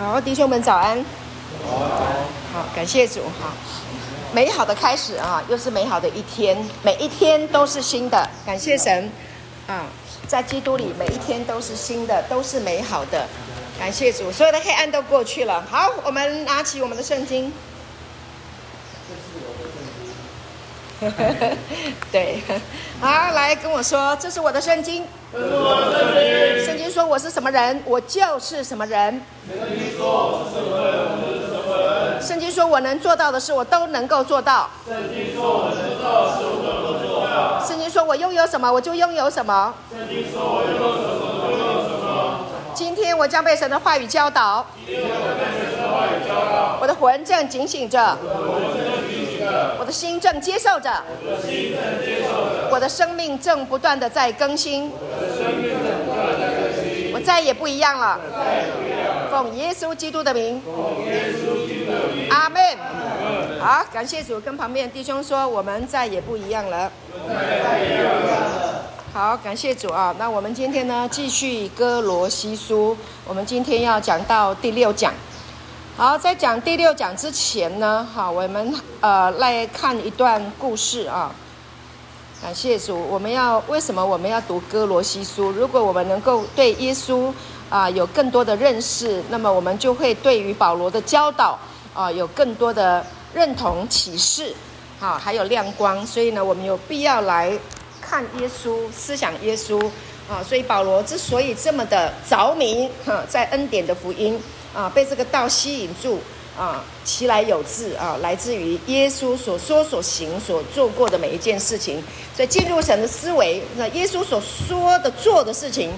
好，弟兄們早安。好，感謝主哈，美好的開始啊，又是美好的一天，每一天都是新的，感謝神啊，在基督裡，每一天都是新的，都是美好的，感謝主，所有的黑暗都過去了。好，我們拿起我們的聖經。 對，嗯、好，來跟我說，這是我的聖經。聖經說，我是什麼人，我就是什麼人。聖經說，我是什麼人，我就是什麼人。聖經說，我能做到的事，我都能夠做到。聖經說，我能做到的事，我都能做到。聖經說我擁有什麼，我就擁有什麼。聖經說我擁有什麼，我就擁有什麼。今天我將被神的話語教導。今天我被神的話語教導。我的魂正警醒着。我的心正接受着，我的心正接受着。我的生命正不斷的在更新，我的生命正不斷在更新。我再也不一樣了，再也不一樣了。奉耶穌基督的名，阿門。好，感謝主，跟旁邊的弟兄說，我們再也不一樣了，我們再也不一樣了。好，感謝主啊。那我們今天呢，繼續歌羅西書，我們今天要講到第六講。好，在講第六講之前呢，好，我們呃來看一段故事啊。感、啊、謝主，我們要為什麼我們要讀歌羅西書？如果我們能夠對耶穌啊、呃、有更多的認識，那麼我們就會對於保羅的教導啊、呃、有更多的認同啟示，好、啊，還有亮光。所以呢，我們有必要來看耶穌思想耶穌啊。所以保羅之所以這麼的着迷，哈、啊，在恩典的福音。啊，被這個道吸引住啊，其來有自啊，來自於耶穌所說、所行、所做過的每一件事情。所以進入神的思維，那耶穌所說的、做的事情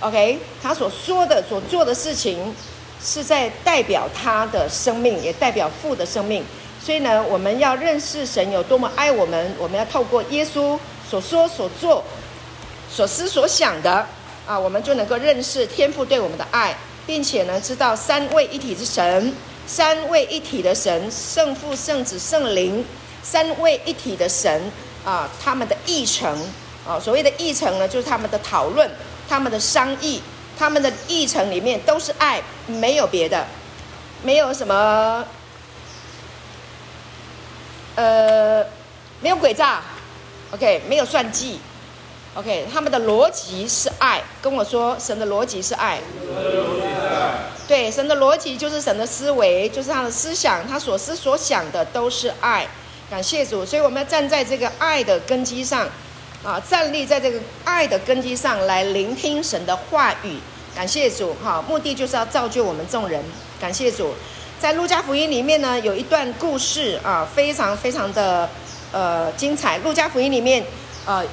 ，OK，他所說的、所做的事情，是在代表他的生命，也代表父的生命。所以呢，我們要認識神有多麼愛我們，我們要透過耶穌所說、所做、所思所想的啊，我們就能夠認識天父對我們的愛。並且呢，知道三位一體之神，三位一體的神，聖父、聖子、聖靈，三位一體的神啊，他們的議程啊，所謂的議程呢，就是他們的討論、他們的商議，他們的議程裡面都是愛，沒有別的，沒有什麼，呃，沒有詭詐，OK，沒有算計。O.K. 他們的邏輯是愛，跟我說神的邏輯是愛。神的邏輯是愛。對，神的邏輯就是神的思維，就是他的思想，他所思所想的都是愛。感謝主，所以我們要站在這個愛的根基上，啊，站立在這個愛的根基上來聆聽神的話語。感謝主，哈，目的就是要造就我們眾人。感謝主，在路加福音裡面呢，有一段故事啊，非常非常的呃精彩。路加福音裡面，呃。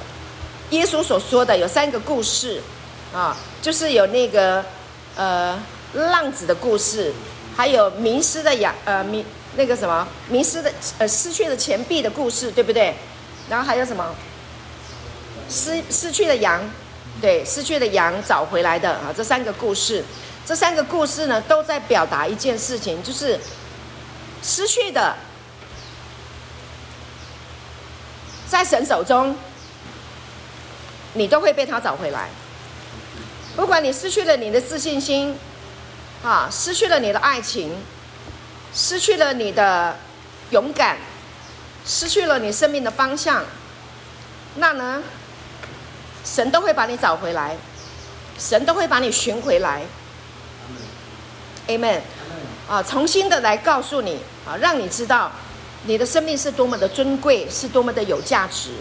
耶穌所說的有三個故事啊，就是有那個呃浪子的故事，還有迷失的羊呃迷那個什麼迷失的呃失去的錢幣的故事，對不對？然後還有什麼失失去的羊，對失去的羊找回來的啊，這三個故事，這三個故事呢都在表達一件事情，就是失去的在神手中。你都會被他找回來，不管你失去了你的自信心，啊，失去了你的愛情，失去了你的勇敢，失去了你生命的方向，那呢？神都會把你找回來，神都會把你尋回來，Amen，啊，重新的來告訴你啊，讓你知道你的生命是多麼的尊貴，是多麼的有價值。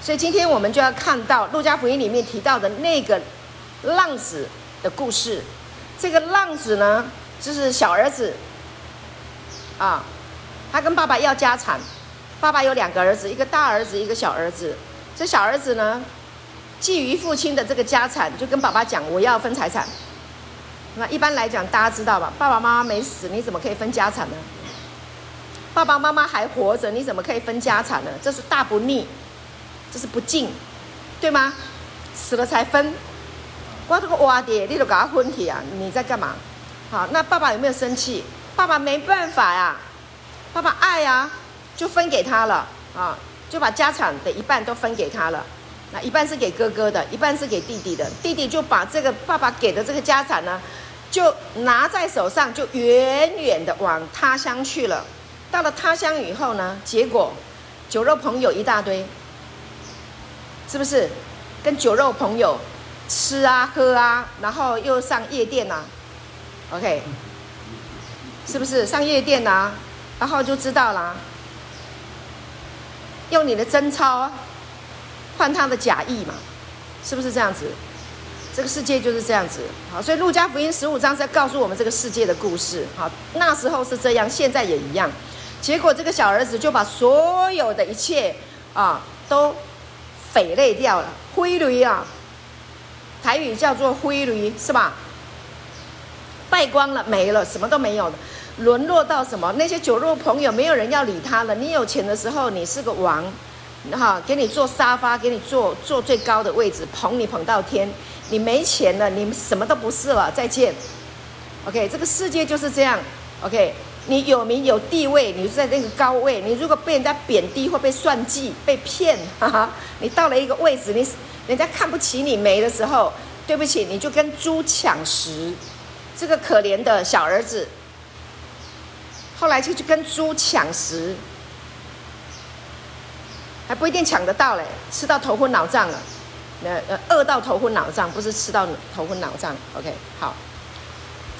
所以今天我們就要看到《路加福音》裡面提到的那個浪子的故事。這個浪子呢，就是小兒子啊，他跟爸爸要家產。爸爸有兩個兒子，一個大兒子，一個小兒子。這小兒子呢，覬覦父親的這個家產，就跟爸爸講：“我要分財產。”那一般來講，大家知道吧？爸爸媽媽沒死，你怎麼可以分家產呢？爸爸媽媽還活着，你怎麼可以分家產呢？這是大不逆。這是不敬，對嗎？死了才分。我這個娃爹，你都給他分去啊？你在幹嘛？好，那爸爸有沒有生氣？爸爸沒辦法呀、啊，爸爸愛呀、啊，就分給他了啊，就把家產的一半都分給他了。那一半是給哥哥的，一半是給弟弟的。弟弟就把這個爸爸給的這個家產呢，就拿在手上，就遠遠的往他鄉去了。到了他鄉以後呢，結果酒肉朋友一大堆。是不是跟酒肉朋友吃啊、喝啊，然後又上夜店吶？OK，是不是上夜店吶？然後就知道啦，用你的真鈔換他的假意嘛，是不是這樣子？這個世界就是這樣子。好，所以路加福音十五章在告訴我們這個世界的故事。好，那時候是這樣，現在也一樣。結果這個小兒子就把所有的一切啊都。匪類掉了，灰驢啊，台語叫做灰驢是吧？敗光了，沒了，什麼都沒有了，淪落到什麼？那些酒肉朋友，沒有人要理他了。你有錢的時候，你是個王，哈，給你坐沙發，給你坐坐最高的位置，捧你捧到天。你沒錢了，你什麼都不是了，再見。OK，這個世界就是這樣。OK。你有名有地位，你就在那個高位。你如果被人家貶低，會被算計、被騙。哈哈，你到了一個位置，你人家看不起你沒的時候，對不起，你就跟豬搶食。這個可憐的小兒子，後來就去跟豬搶食，還不一定搶得到嘞，吃到頭昏腦脹了。呃呃，餓到頭昏腦脹，不是吃到頭昏腦脹。OK，好。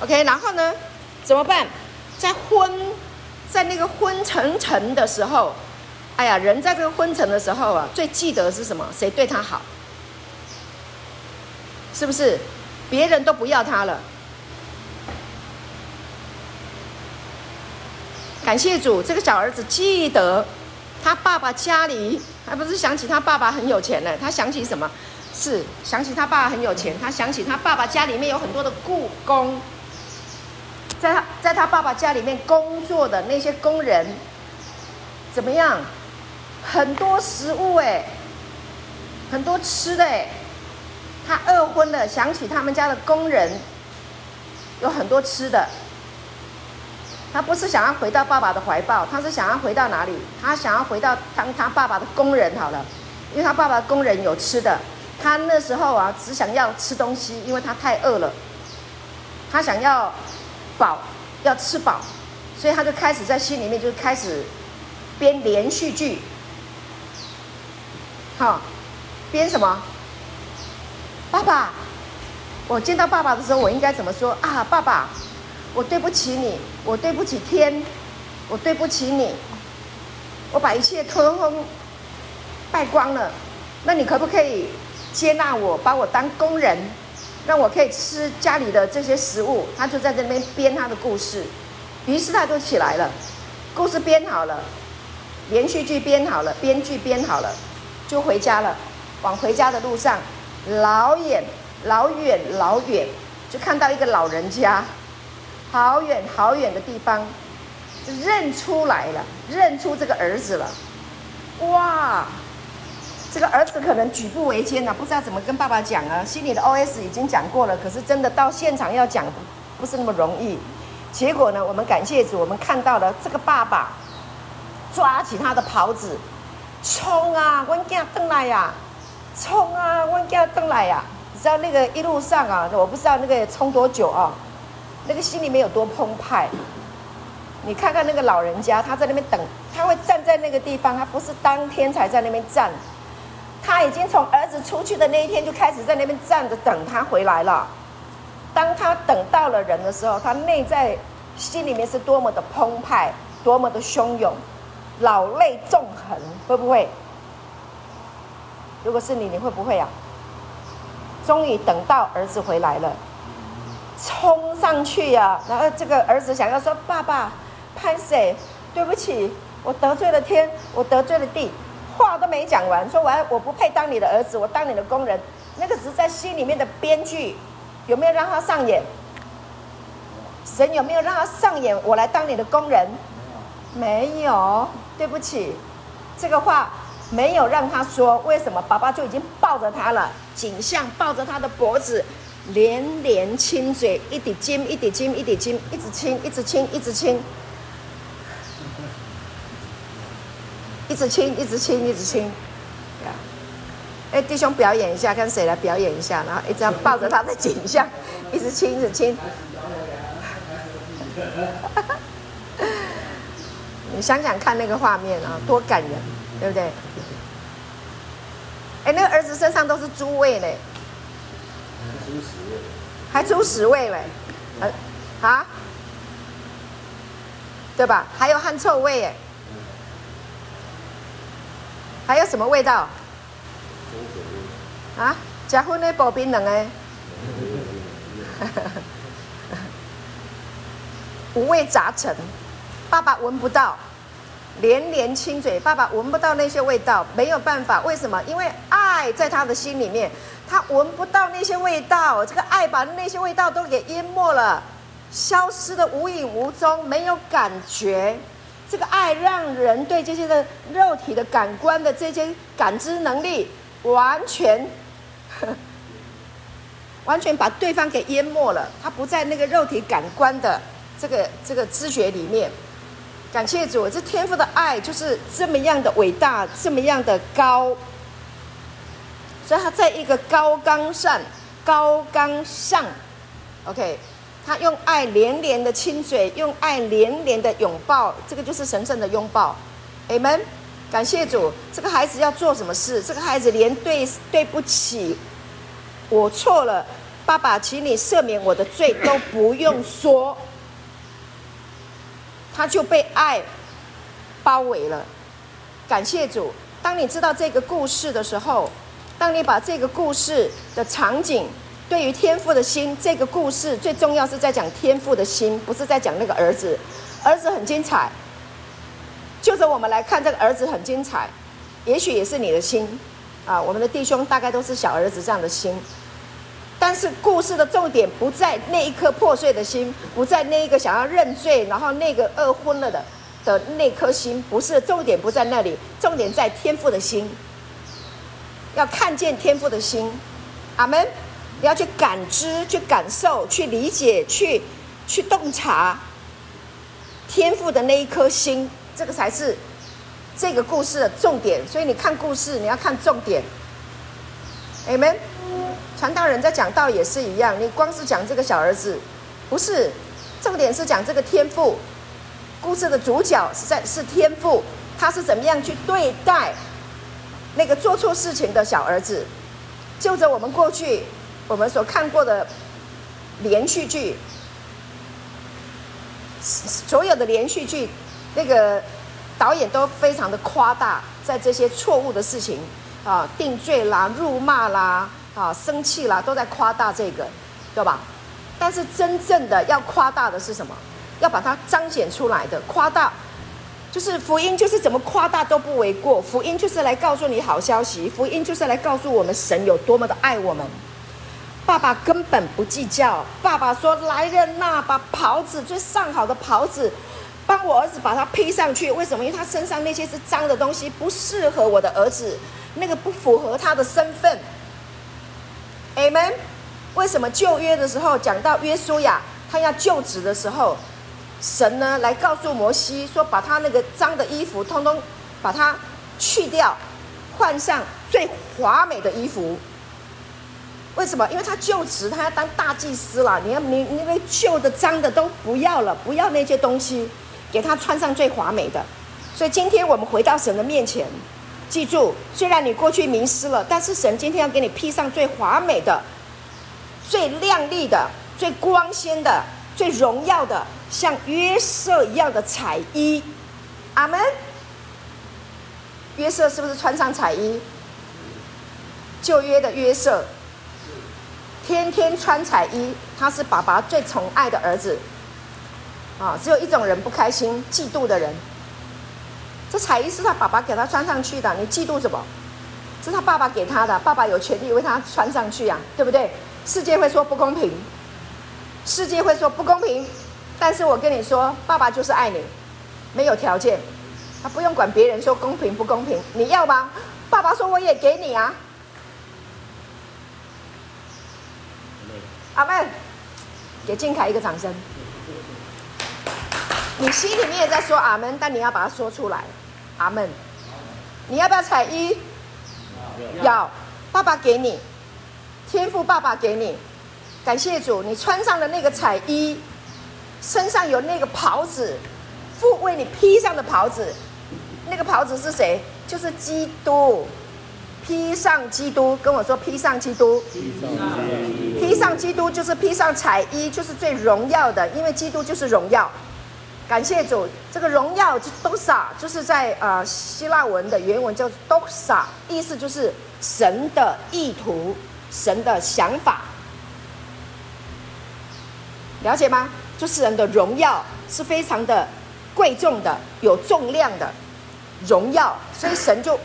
OK，然後呢，怎麼辦？在昏，在那個昏沉沉的時候，哎呀，人在這個昏沉的時候啊，最記得的是什麼？誰對他好？是不是？別人都不要他了。感謝主，這個小兒子記得他爸爸家裡，還不是想起他爸爸很有錢呢？欸？他想起什麼？是想起他爸爸很有錢，他想起他爸爸家裡面有很多的僱工。在他在他爸爸家裡面工作的那些工人怎麼樣？很多食物哎、欸，很多吃的誒、欸。他餓昏了，想起他們家的工人有很多吃的。他不是想要回到爸爸的懷抱，他是想要回到哪裡？他想要回到當他，他爸爸的工人好了，因為他爸爸的工人有吃的。他那時候啊，只想要吃東西，因為他太餓了。他想要。飽要吃飽，所以他就開始在心裡面就開始編連續劇，好、哦，編什麼？爸爸，我見到爸爸的時候，我應該怎麼說啊？爸爸，我對不起你，我對不起天，我對不起你，我把一切通通敗光了，那你可不可以接納我，把我當工人？讓我可以吃家裡的這些食物，他就在這邊編他的故事，於是他就起來了，故事編好了，連續劇編好了，編劇編好了，就回家了。往回家的路上，老遠、老遠、老遠，就看到一個老人家，好遠好遠的地方，就認出來了，認出這個兒子了，哇！這個兒子可能舉步維艱啊，不知道怎麼跟爸爸講啊。心裡的 OS 已經講過了，可是真的到現場要講，不是那麼容易。結果呢，我們感謝主，我們看到了這個爸爸抓起他的袍子，衝啊！我給 n 等來呀、啊，衝啊！我給 n 等來呀、啊。你知道那個一路上啊，我不知道那個衝多久啊，那個心裡面有多澎湃。你看看那個老人家，他在那邊等，他會站在那個地方，他不是當天才在那邊站。他已經從兒子出去的那一天就開始在那邊站着等他回來了。當他等到了人的時候，他內在心裡面是多麼的澎湃，多麼的洶湧，老淚縱橫，會不會？如果是你，你會不會啊？終於等到兒子回來了，衝上去呀、啊！然後這個兒子想要說：“爸爸，潘 Sir，對不起，我得罪了天，我得罪了地。”話都沒講完，說我我不配當你的兒子，我當你的工人。那個只是在心裡面的編劇，有沒有讓他上演？神有沒有讓他上演？我來當你的工人？沒有，沒有，對不起，這個話沒有讓他說。為什麼爸爸就已經抱着他了，頸項抱着他的脖子，連連親嘴，一點親，一點親，一點親，一直親，一直親，一直親。一直親，一直親，一直親，哎、yeah.，弟兄表演一下，看誰來表演一下，然後一直要抱着他的頸項， 一直親，一直親。 你想想看那個畫面啊，多感人，對不對？哎， 那個兒子身上都是豬味嘞，還豬屎味，嘞， 啊對吧？還有汗臭味耶、欸。還有什麼味道？啊、嗯，吃粉的薄冰冷哎，哈哈，五味雜陳，爸爸聞不到，連連親嘴，爸爸聞不到那些味道，沒有辦法，為什麼？因為愛在他的心裡面，他聞不到那些味道，這個愛把那些味道都給淹沒了，消失的無影無蹤，沒有感覺。這個愛讓人對這些的肉體的感官的這些感知能力完全，完全把對方給淹沒了。他不在那個肉體感官的這個這個知覺裡面。感謝主，這天父的愛就是這麼樣的偉大，這麼樣的高。所以他在一個高崗上，高崗上，OK。他用愛連連的親嘴，用愛連連的擁抱，這個就是神聖的擁抱。阿們，感謝主，這個孩子要做什麼事？這個孩子連對對不起，我錯了，爸爸，請你赦免我的罪都不用說，他就被愛包圍了。感謝主，當你知道這個故事的時候，當你把這個故事的場景，對於天父的心，這個故事最重要是在講天父的心，不是在講那個兒子。兒子很精彩，就著我們來看這個兒子很精彩，也許也是你的心，啊，我們的弟兄大概都是小兒子這樣的心。但是故事的重點不在那一顆破碎的心，不在那一個想要認罪，然後那個餓昏了的的那顆心，不是重點不在那裡，重點在天父的心。要看見天父的心，阿門。你要去感知、去感受、去理解、去去洞察天父的那一顆心，這個才是這個故事的重點。所以你看故事，你要看重點。你們，傳道人在講道也是一樣，你光是講這個小兒子，不是重點，是講這個天父。故事的主角是在是天父，他是怎麼樣去對待那個做錯事情的小兒子？就着我們過去。我們所看過的連續劇，所有的連續劇，那個導演都非常的誇大，在這些錯誤的事情啊，定罪啦、辱罵啦、啊生氣啦，都在誇大這個，對吧？但是真正的要誇大的是什麼？要把它彰顯出來的誇大，就是福音，就是怎麼誇大都不為過。福音就是來告訴你好消息，福音就是來告訴我們神有多麼的愛我們。爸爸根本不計較。爸爸說：“來人吶，把袍子最上好的袍子，幫我兒子把它披上去。為什麼？因為他身上那些是髒的東西，不適合我的兒子，那個不符合他的身份。” Amen。為什麼舊約的時候講到約書亞他要就職的時候，神呢來告訴摩西說，把他那個髒的衣服通通把它去掉，換上最華美的衣服。為什麼？因為他就職，他要當大祭司了。你要明，因為舊的髒的都不要了，不要那些東西，給他穿上最華美的。所以今天我們回到神的面前，記住，雖然你過去迷失了，但是神今天要給你披上最華美的、最亮麗的、最光鮮的、最榮耀的，像約瑟一樣的彩衣。阿門。約瑟是不是穿上彩衣？舊約的約瑟。天天穿彩衣，他是爸爸最寵愛的兒子。啊，只有一種人不開心，嫉妒的人。這彩衣是他爸爸給他穿上去的，你嫉妒什麼？是他爸爸給他的，爸爸有權利為他穿上去呀，對不對？世界會說不公平，世界會說不公平，但是我跟你說，爸爸就是愛你，沒有條件，他不用管別人說公平不公平，你要嗎？爸爸說我也給你啊。阿門，給敬凱一個掌聲。你心裡面也在說阿門，但你要把它說出來。阿門，你要不要彩衣？要，爸爸給你，天父爸爸給你，感謝主，你穿上的那個彩衣，身上有那個袍子，父為你披上的袍子，那個袍子是誰？就是基督。披上基督，跟我說：“披上基督，披上基督就是披上彩衣，就是最榮耀的，因為基督就是榮耀。”感謝主，這個榮耀就是 “doxa” 就是在呃希臘文的原文叫 “doxa”，意思就是神的意圖、神的想法，了解嗎？就是人的榮耀是非常的貴重的、有重量的榮耀，所以神就。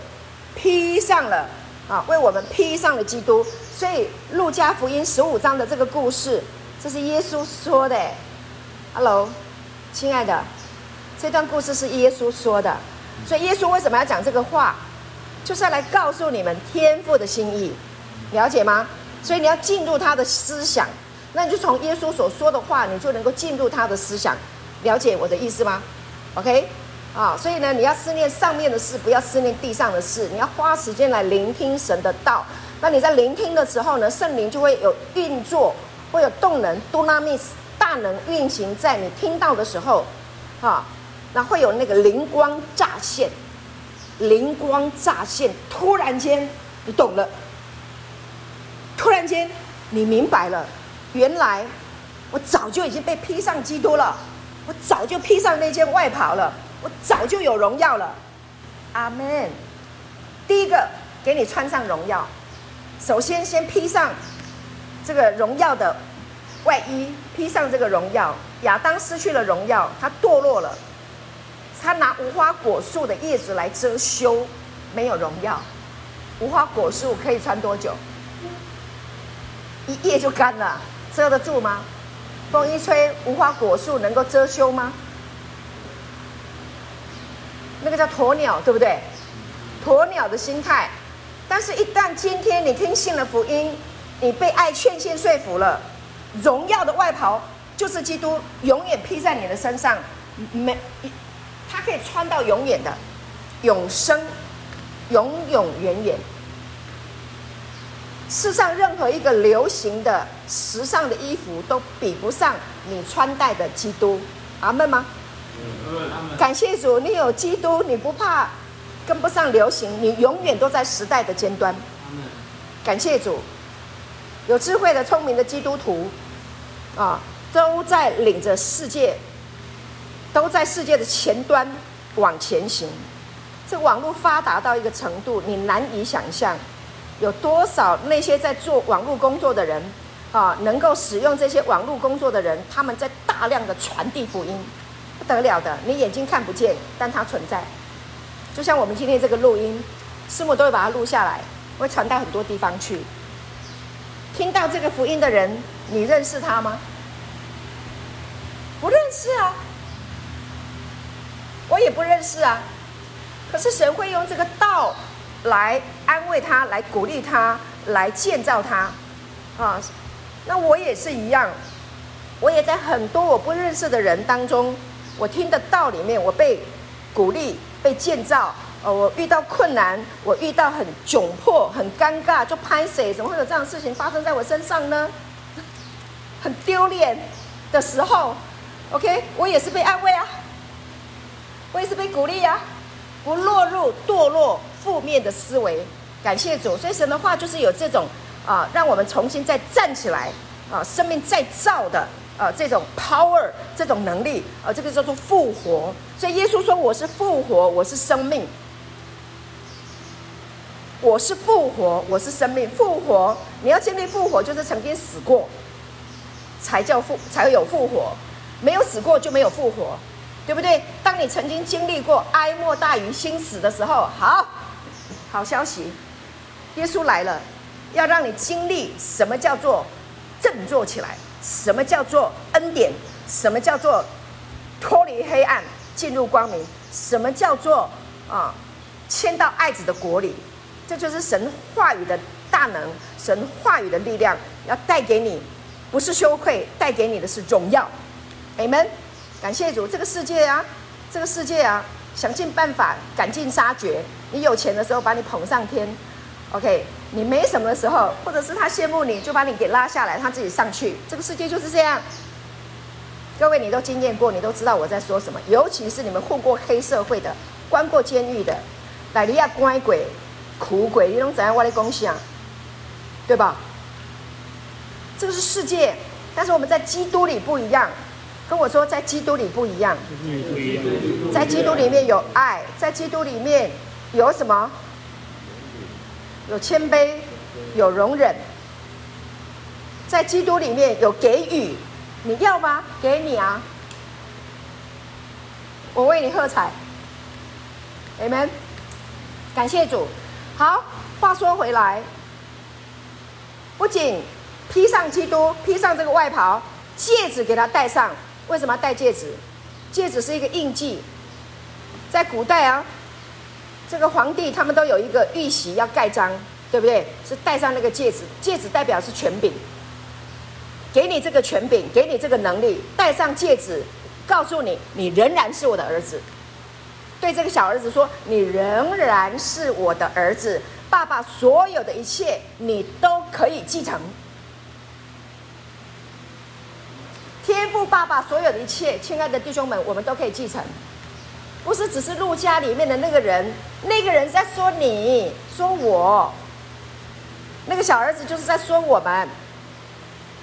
披上了啊，為我們披上了基督。所以《路加福音》十五章的這個故事，這是耶穌說的。Hello，親愛的，這段故事是耶穌說的。所以耶穌為什麼要講這個話，就是要來告訴你們天父的心意，了解嗎？所以你要進入他的思想，那你就從耶穌所說的話，你就能夠進入他的思想。了解我的意思嗎？OK。啊，所以呢，你要思念上面的事，不要思念地上的事。你要花時間來聆聽神的道。那你在聆聽的時候呢，聖靈就會有運作，會有動能，dynamis 大能運行在你聽到的時候，啊，那會有那個靈光乍現，靈光乍現，突然間你懂了，突然間你明白了，原來我早就已經被披上基督了，我早就披上那件外袍了。我早就有榮耀了，阿門。第一個給你穿上榮耀，首先先披上這個榮耀的外衣，披上這個榮耀。亞當失去了榮耀，他墮落了，他拿無花果樹的葉子來遮羞，沒有榮耀。無花果樹可以穿多久？一夜就乾了，遮得住嗎？風一吹，無花果樹能夠遮羞嗎？那個叫鴕鳥，對不對？鴕鳥的心態，但是，一旦今天你聽信了福音，你被愛勸勸說服了，榮耀的外袍就是基督永遠披在你的身上，沒，它可以穿到永遠的永生，永永遠遠。世上任何一個流行的時尚的衣服，都比不上你穿戴的基督。阿們嗎？感謝主，你有基督，你不怕跟不上流行，你永遠都在時代的尖端。感謝主，有智慧的、聰明的基督徒啊，都在領着世界，都在世界的前端往前行。這網絡發達到一個程度，你難以想象有多少那些在做網絡工作的人啊，能夠使用這些網絡工作的人，他們在大量的傳遞福音。得了的，你眼睛看不見，但它存在。就像我們今天這個錄音，師母都會把它錄下來，會傳到很多地方去。聽到這個福音的人，你認識他嗎？不認識啊，我也不認識啊。可是神會用這個道來安慰他，來鼓勵他，來建造他。啊，那我也是一樣，我也在很多我不認識的人當中。我聽的道裡面，我被鼓勵、被建造。呃，我遇到困難，我遇到很窘迫、很尷尬，就拍誰？怎麼會有這樣事情發生在我身上呢？很丟臉的時候，OK，我也是被安慰啊，我也是被鼓勵啊，不落入墮落負面的思維。感謝主，所以神的話就是有這種啊、呃，讓我們重新再站起來啊、呃，生命再造的。啊、呃，這種 power，這種能力，啊、呃，這個叫做復活。所以耶穌說：“我是復活，我是生命，我是復活，我是生命。復活，你要經歷復活，就是曾經死過，才叫復，才會有復活。沒有死過就沒有復活，對不對？當你曾經經歷過哀莫大於心死的時候，好，好消息，耶穌來了，要讓你經歷什麼叫做振作起來。”什麼叫做恩典？什麼叫做脫離黑暗進入光明？什麼叫做啊，遷到愛子的國裡？這就是神話語的大能，神話語的力量要帶給你，不是羞愧，帶給你的是榮耀。阿們感謝主，這個世界啊，這個世界啊，想盡辦法趕盡殺絕。你有錢的時候，把你捧上天。OK，你沒什麼的時候，或者是他羨慕你，就把你給拉下來，他自己上去。這個世界就是這樣。各位，你都經驗過，你都知道我在說什麼。尤其是你們混過黑社會的，關過監獄的，來裡要乖鬼、苦鬼，你能怎樣歪的公啊，對吧？這個是世界，但是我們在基督裡不一樣。跟我說，在基督裡不一樣。嗯、在基督裡面有愛，在基督裡面有什麼？有謙卑，有容忍，在基督裡面有給予，你要嗎？給你啊！我為你喝彩，Amen。感謝主。好，話說回來，不僅披上基督，披上這個外袍，戒指給他戴上。為什麼要戴戒指？戒指是一個印記，在古代啊。這個皇帝他們都有一個玉玺要蓋章，對不對？是戴上那個戒指，戒指代表是權柄，給你這個權柄，給你這個能力，戴上戒指，告訴你，你仍然是我的兒子。對這個小兒子說，你仍然是我的兒子，爸爸所有的一切你都可以繼承，天父爸爸所有的一切，親愛的弟兄們，我們都可以繼承。不是，只是路加裡面的那個人，那個人在說你，說我。那個小兒子就是在說我們，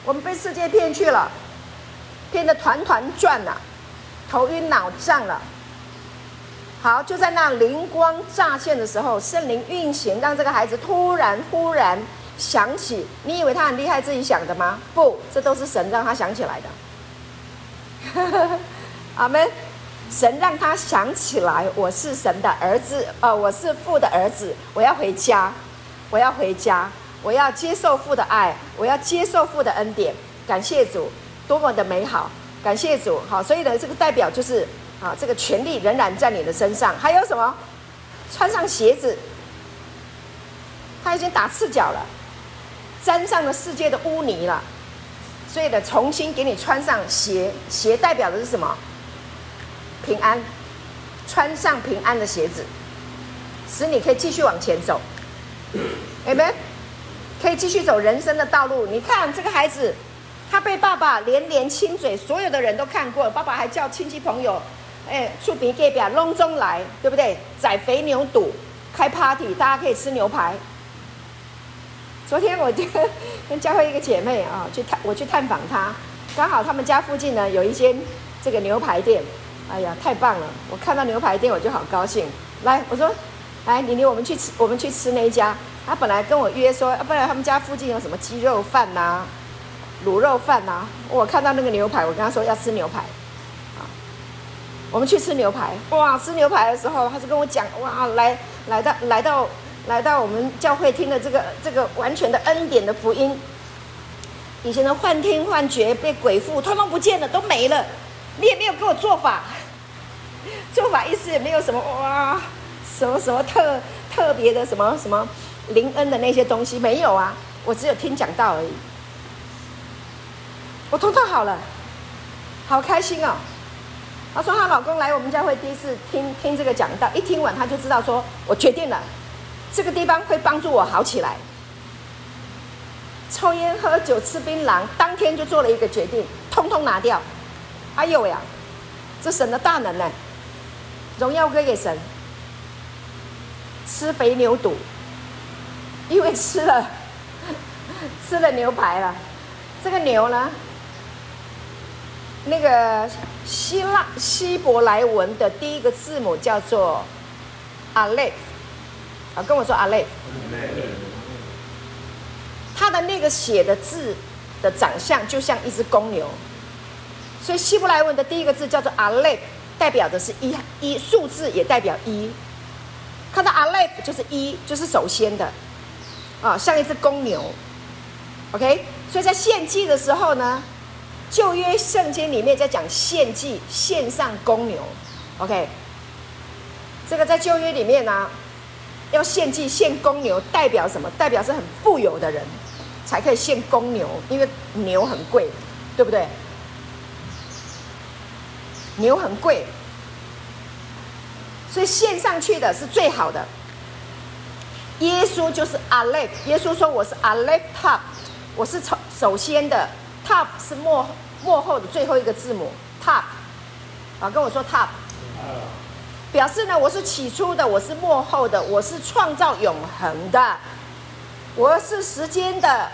我們被世界騙去了，騙得團團轉了，頭暈腦脹脹了。好，就在那靈光乍現的時候，聖靈運行，讓這個孩子突然忽然想起，你以為他很厲害自己想的嗎？不，這都是神讓他想起來的。呵呵，阿門。神讓他想起來，我是神的兒子，呃、哦，我是父的兒子，我要回家，我要回家，我要接受父的愛，我要接受父的恩典。感謝主，多麼的美好，感謝主，好，所以呢，這個代表就是，啊，這個權力仍然在你的身上，還有什麼？穿上鞋子，他已經打赤腳了，沾上了世界的汙泥了，所以呢，重新給你穿上鞋，鞋代表的是什麼？平安，穿上平安的鞋子，使你可以繼續往前走。Amen， 可以繼續走人生的道路。你看這個孩子，他被爸爸連連親嘴，所有的人都看過。爸爸還叫親戚朋友，哎、欸，厝邊隔壁，攏總來，對不對？宰肥牛犢，開 Party，大家可以吃牛排。昨天我就跟，跟教會一個姐妹啊、喔，去探，我去探訪她，剛好他們家附近呢有一間這個牛排店。哎呀，太棒了！我看到牛排店，我就好高興。來，我說，來，妮妮，我們去吃，我們去吃那一家。他本來跟我約說，啊，不然他們家附近有什麼雞肉飯吶、啊，滷肉飯吶、啊。我看到那個牛排，我跟他說要吃牛排。我們去吃牛排。哇，吃牛排的時候，他就跟我講，哇，來來到來到來到我們教會聽的這個這個完全的恩典的福音。以前的幻聽幻覺被鬼附，通通不見了，都沒了。你也沒有給我做法。做法意思也沒有什麼哇，什麼什麼特特別的什麼什麼靈恩的那些東西沒有啊，我只有聽講道而已。我通通好了，好開心哦、喔。她說她老公來我們家會第一次聽聽這個講道，一聽完她就知道說，我決定了，這個地方會幫助我好起來。抽菸喝酒吃檳榔，當天就做了一個決定，通通拿掉。哎呦呀，這神的大能耐、欸。榮耀歸給神。吃肥牛肚，因為吃了吃了牛排了。這個牛呢，那個希臘希伯來文的第一個字母叫做 aleph。啊，跟我說 aleph。他的那個寫的字的長相就像一隻公牛，所以希伯來文的第一個字叫做 aleph。代表的是一一，數字也代表一，看到 aleph 就是一，就是首先的啊、哦，像一隻公牛，OK。所以在獻祭的時候呢，舊約聖經裡面在講獻祭，獻上公牛，OK。這個在舊約裡面呢、啊，要獻祭獻公牛代表什麼？代表是很富有的人才可以獻公牛，因為牛很貴，對不對？牛很貴，所以獻上去的是最好的。耶穌就是 Alef 耶穌說我是 Alef top，我是首首先的 top 是末末後的最後一個字母 top 啊，跟我說 top，表示呢我是起初的，我是末後的，我是創造永恆的，我是時間的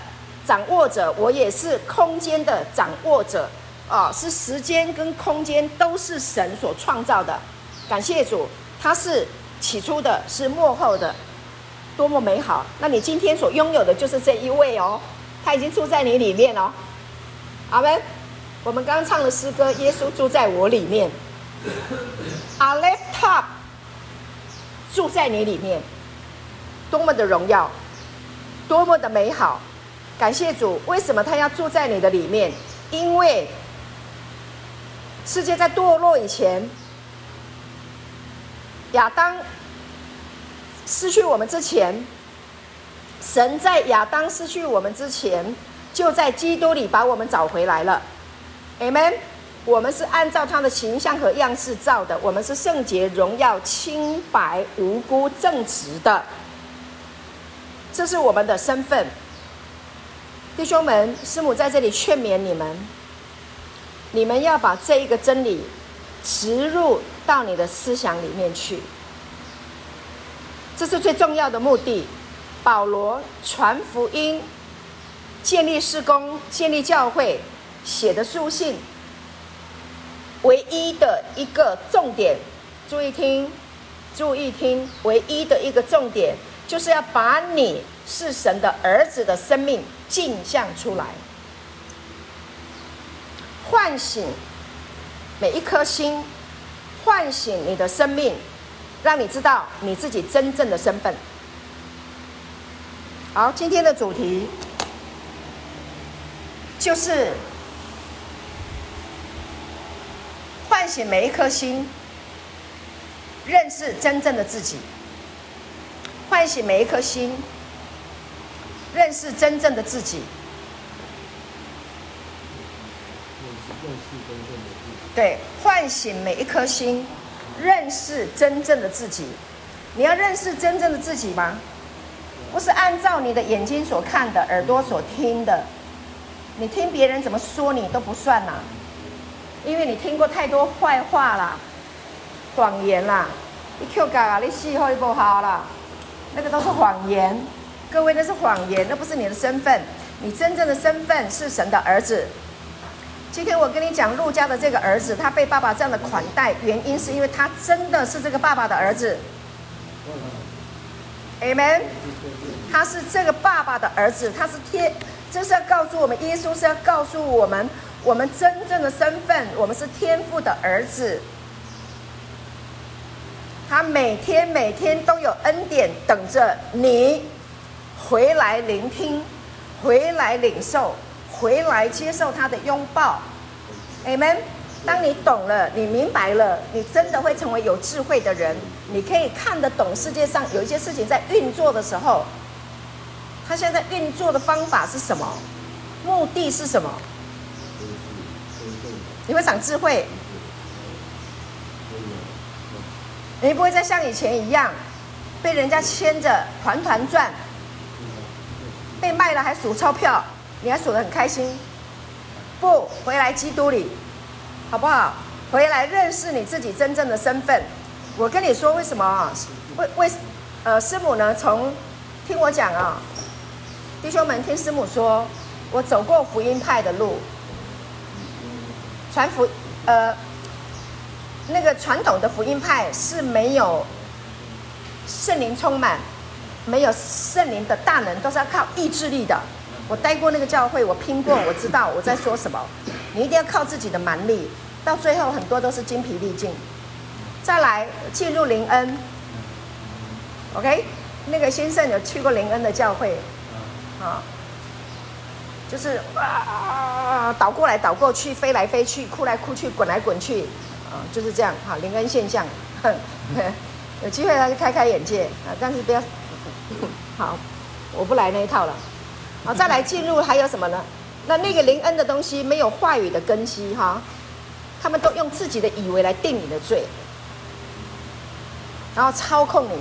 掌握者，我也是空間的掌握者。哦，是時間跟空間都是神所創造的，感謝主，他是起初的，是末後的，多麼美好！那你今天所擁有的就是這一位哦，他已經住在你裡面了，哦，阿們。我們剛剛唱的詩歌《耶穌住在我裡面》，阿 lep top，住在你裡面，多麼的榮耀，多麼的美好，感謝主。為什麼他要住在你的裡面？因為世界在墮落以前，亞當失去我們之前，神在亞當失去我們之前，就在基督裡把我們找回來了。阿門，我們是按照他的形象和樣式造的，我們是聖潔、榮耀、清白、無辜、正直的，這是我們的身份。弟兄們，師母在這裡勸勉你們。你們要把這一個真理植入到你的思想裡面去，這是最重要的目的。保羅傳福音、建立事工、建立教會寫的書信，唯一的一個重點，注意聽，注意聽，唯一的一個重點，就是要把你是神的兒子的生命鏡像出來。喚醒每一顆心，喚醒你的生命，讓你知道你自己真正的身份。好，今天的主題就是喚醒每一顆心，認識真正的自己。喚醒每一顆心，認識真正的自己。對，喚醒每一顆心，認識真正的自己。你要認識真正的自己嗎？不是按照你的眼睛所看的，耳朵所聽的。你聽別人怎麼說你都不算啦，因為你聽過太多壞話啦，謊言啦。你 Q 噶、啊、你死後不好啦，那個都是謊言。各位，那是謊言，那不是你的身份。你真正的身份是神的兒子。今天我跟你講，路加的這個兒子，他被爸爸這樣的款待，原因是因為他真的是這個爸爸的兒子。Amen。他是這個爸爸的兒子，他是天，這是要告訴我們，耶穌是要告訴我們，我們真正的身份，我們是天父的兒子。他每天每天都有恩典等着你回來聆聽，回來領受。回來接受他的擁抱，阿門，當你懂了，你明白了，你真的會成為有智慧的人。你可以看得懂世界上有一些事情在運作的時候，他現在運作的方法是什麼？目的是什麼？你會長智慧，你不會再像以前一樣被人家牽着團團轉，被賣了還數鈔票。你還數得很開心，不回來基督裡，好不好？回來認識你自己真正的身份。我跟你說，為什麼啊？為為，呃，師母呢？從聽我講啊，弟兄們，聽師母說，我走過福音派的路，傳福，呃，那個傳統的福音派是沒有聖靈充滿，沒有聖靈的大能，都是要靠意志力的。我待過那個教會，我拼過，我知道我在說什麼。你一定要靠自己的蠻力，到最後很多都是精疲力盡。再來進入靈恩，OK？那個先生有去過靈恩的教會，啊就是哇、啊，倒過來倒過去，飛來飛去，哭來哭去，滾來滾去，啊，就是這樣哈，靈恩現象。有機會來開開眼界啊，但是不要好，我不來那一套了。好，再來進入還有什麼呢？那那個靈恩的東西沒有話語的根基哈、啊，他們都用自己的以為來定你的罪，然後操控你。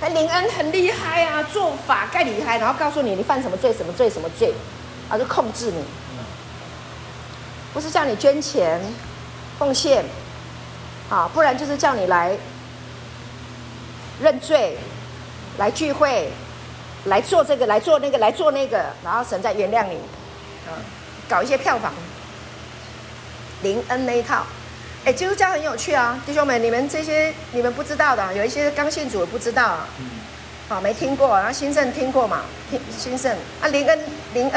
哎，靈恩很厲害啊，做法蓋厲害，然後告訴你你犯什麼罪什麼罪什麼罪，啊，就控制你。不是叫你捐錢奉獻，啊，不然就是叫你來認罪，來聚會。來做這個，來做那個，來做那個，然後神再原諒你、啊，搞一些票房。靈恩那一套，哎、欸，基督教很有趣啊，弟兄們，你們這些你們不知道的、啊，有一些剛信主也不知道啊，好、啊、沒聽過，然後新盛聽過嘛，聽新盛啊，靈恩靈恩，靈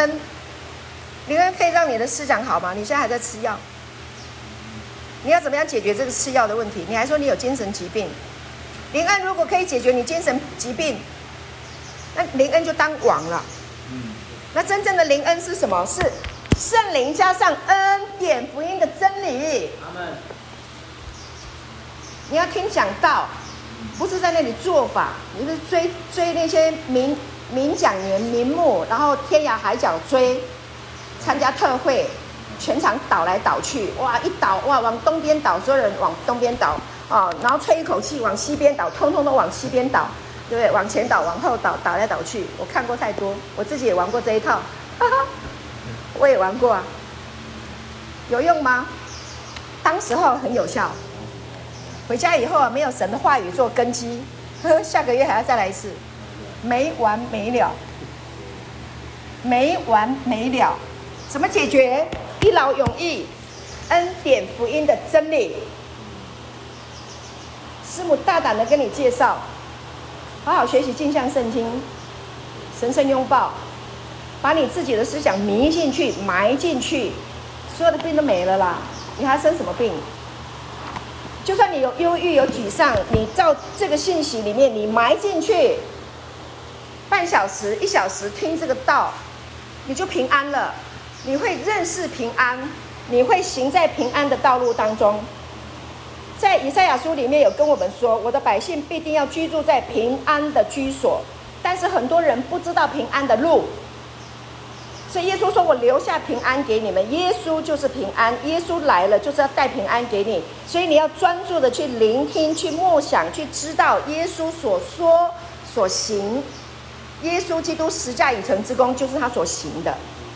恩，恩可以讓你的思想好嗎？你現在還在吃藥，你要怎麼樣解決這個吃藥的問題？你還說你有精神疾病，靈恩如果可以解決你精神疾病。那靈恩就當王了，嗯，那真正的靈恩是什麼？是聖靈加上恩典福音的真理。阿門。你要聽講道，不是在那裡做法，你就是追追那些名名講員名目，然後天涯海角追，參加特會，全場倒來倒去，哇，一倒哇，往東邊倒，所有人往東邊倒啊、哦，然後吹一口氣往西邊倒，通通都往西邊倒。對，往前倒，往後倒，倒來倒去，我看過太多，我自己也玩過這一套，哈、啊、哈，我也玩過啊。有用嗎？當時候很有效。回家以後啊，沒有神的話語做根基，呵，呵，下個月還要再來一次，沒完沒了，沒完沒了。怎麼解決？一勞永逸，恩典福音的真理。師母大膽的跟你介紹。好好學習《鏡像聖經》，神聖擁抱，把你自己的思想迷進去、埋進去，所有的病都沒了啦！你還生什麼病？就算你有憂鬱、有沮喪，你照這個信息裡面，你埋進去半小時、一小時聽這個道，你就平安了。你會認識平安，你會行在平安的道路當中。在以賽亞書裡面有跟我們說，我的百姓必定要居住在平安的居所，但是很多人不知道平安的路。所以耶穌說：“我留下平安給你們，耶穌就是平安，耶穌來了就是要帶平安給你，所以你要專注的去聆聽、去默想、去知道耶穌所說所行。耶穌基督十架已成之功，就是他所行的，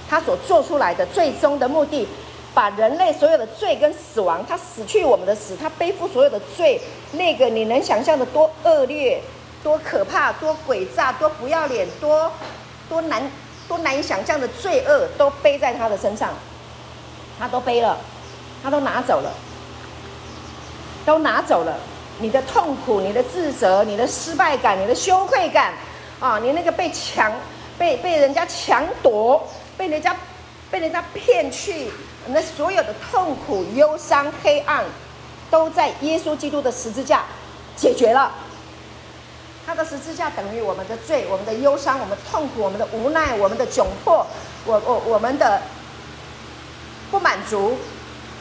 他所做出來的最終的目的。”把人類所有的罪跟死亡，他死去我們的死，他背負所有的罪，那個你能想象的多惡劣、多可怕、多詭詐、多不要臉、多多難、多難以想象的罪惡都背在他的身上，他都背了，他都拿走了，都拿走了。你的痛苦、你的自責、你的失敗感、你的羞愧感啊、哦，你那個被搶、被被人家搶奪、被人家被人家騙去。我們所有的痛苦、憂傷、黑暗，都在耶穌基督的十字架解決了。他的十字架等於我們的罪、我們的憂傷、我們的痛苦、我們的無奈、我們的窘迫、我我我們的不滿足、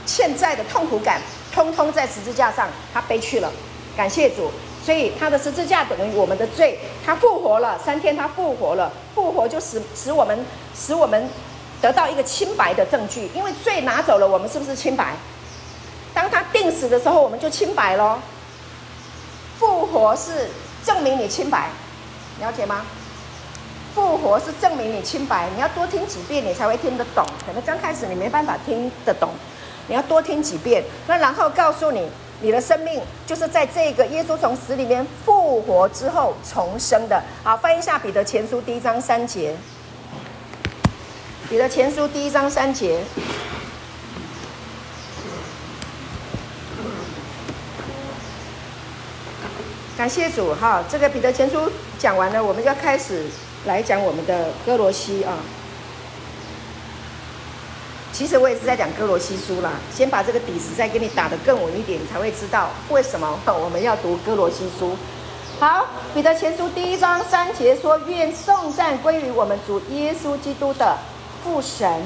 現在的痛苦感，通通在十字架上，他背去了。感謝主，所以他的十字架等於我們的罪。他復活了三天，他復活了，復活就使使我們使我們。得到一個清白的證據，因為罪拿走了，我們是不是清白？當他釘死的時候，我們就清白嘍。復活是證明你清白，了解嗎？復活是證明你清白，你要多聽幾遍，你才會聽得懂。可能剛開始你沒辦法聽得懂，你要多聽幾遍。那然後告訴你，你的生命就是在這個耶穌從死裡面復活之後重生的。好，翻一下《彼得前書》第一章三節。彼得前書第一章三節，感謝主哈！這個彼得前書講完了，我們就要開始來講我們的歌羅西啊。其實我也是在講歌羅西書啦，先把這個底子再給你打得更穩一點，你才會知道為什麼我們要讀歌羅西書。好，彼得前書第一章三節說：“願頌讚歸於我們主耶穌基督的。”父神，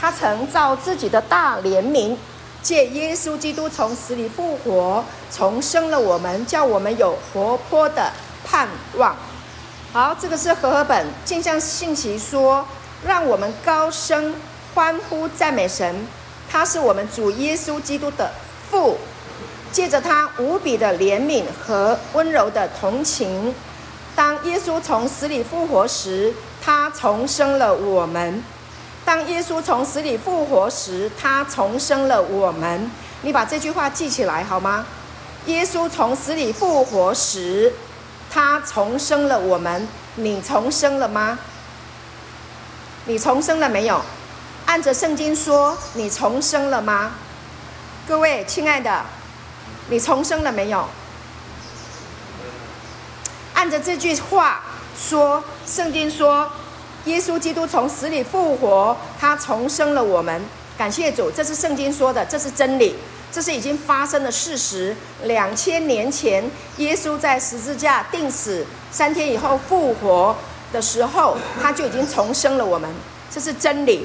他曾照自己的大憐憫，借耶穌基督從死裡復活，重生了我們，叫我們有活潑的盼望。好，這個是和合本鏡像信息說，讓我們高聲歡呼讚美神，他是我們主耶穌基督的父，借着他無比的憐憫和溫柔的同情，當耶穌從死裡復活時，他重生了我們。當耶穌從死裡復活時，他重生了我們。你把這句話記起來好嗎？耶穌從死裡復活時，他重生了我們。你重生了嗎？你重生了沒有？按着聖經說，你重生了嗎？各位親愛的，你重生了沒有？按着這句話說，聖經說。耶穌基督從死裡復活，他重生了我們。感謝主，這是聖經說的，這是真理，這是已經發生的事實。兩千年前，耶穌在十字架釘死，三天以後復活的時候，他就已經重生了我們。這是真理，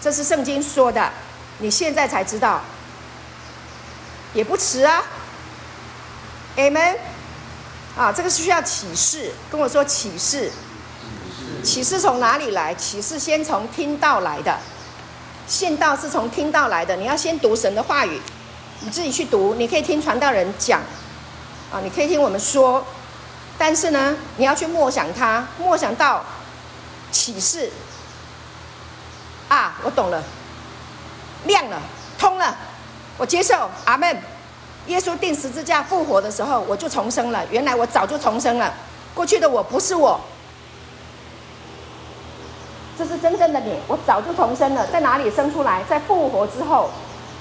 這是聖經說的。你現在才知道，也不遲啊。Amen。啊，這個是需要啟示，跟我說啟示。啟示從哪裡來？啟示先從聽道來的，信道是從聽道來的。你要先讀神的話語，你自己去讀。你可以聽傳道人講，啊，你可以聽我們說，但是呢，你要去默想它，默想到啟示。啊，我懂了，亮了，通了，我接受，阿門。耶穌釘十字架復活的時候，我就重生了。原來我早就重生了，過去的我不是我。這是真正的你。我早就重生了，在哪裡生出來？在復活之後，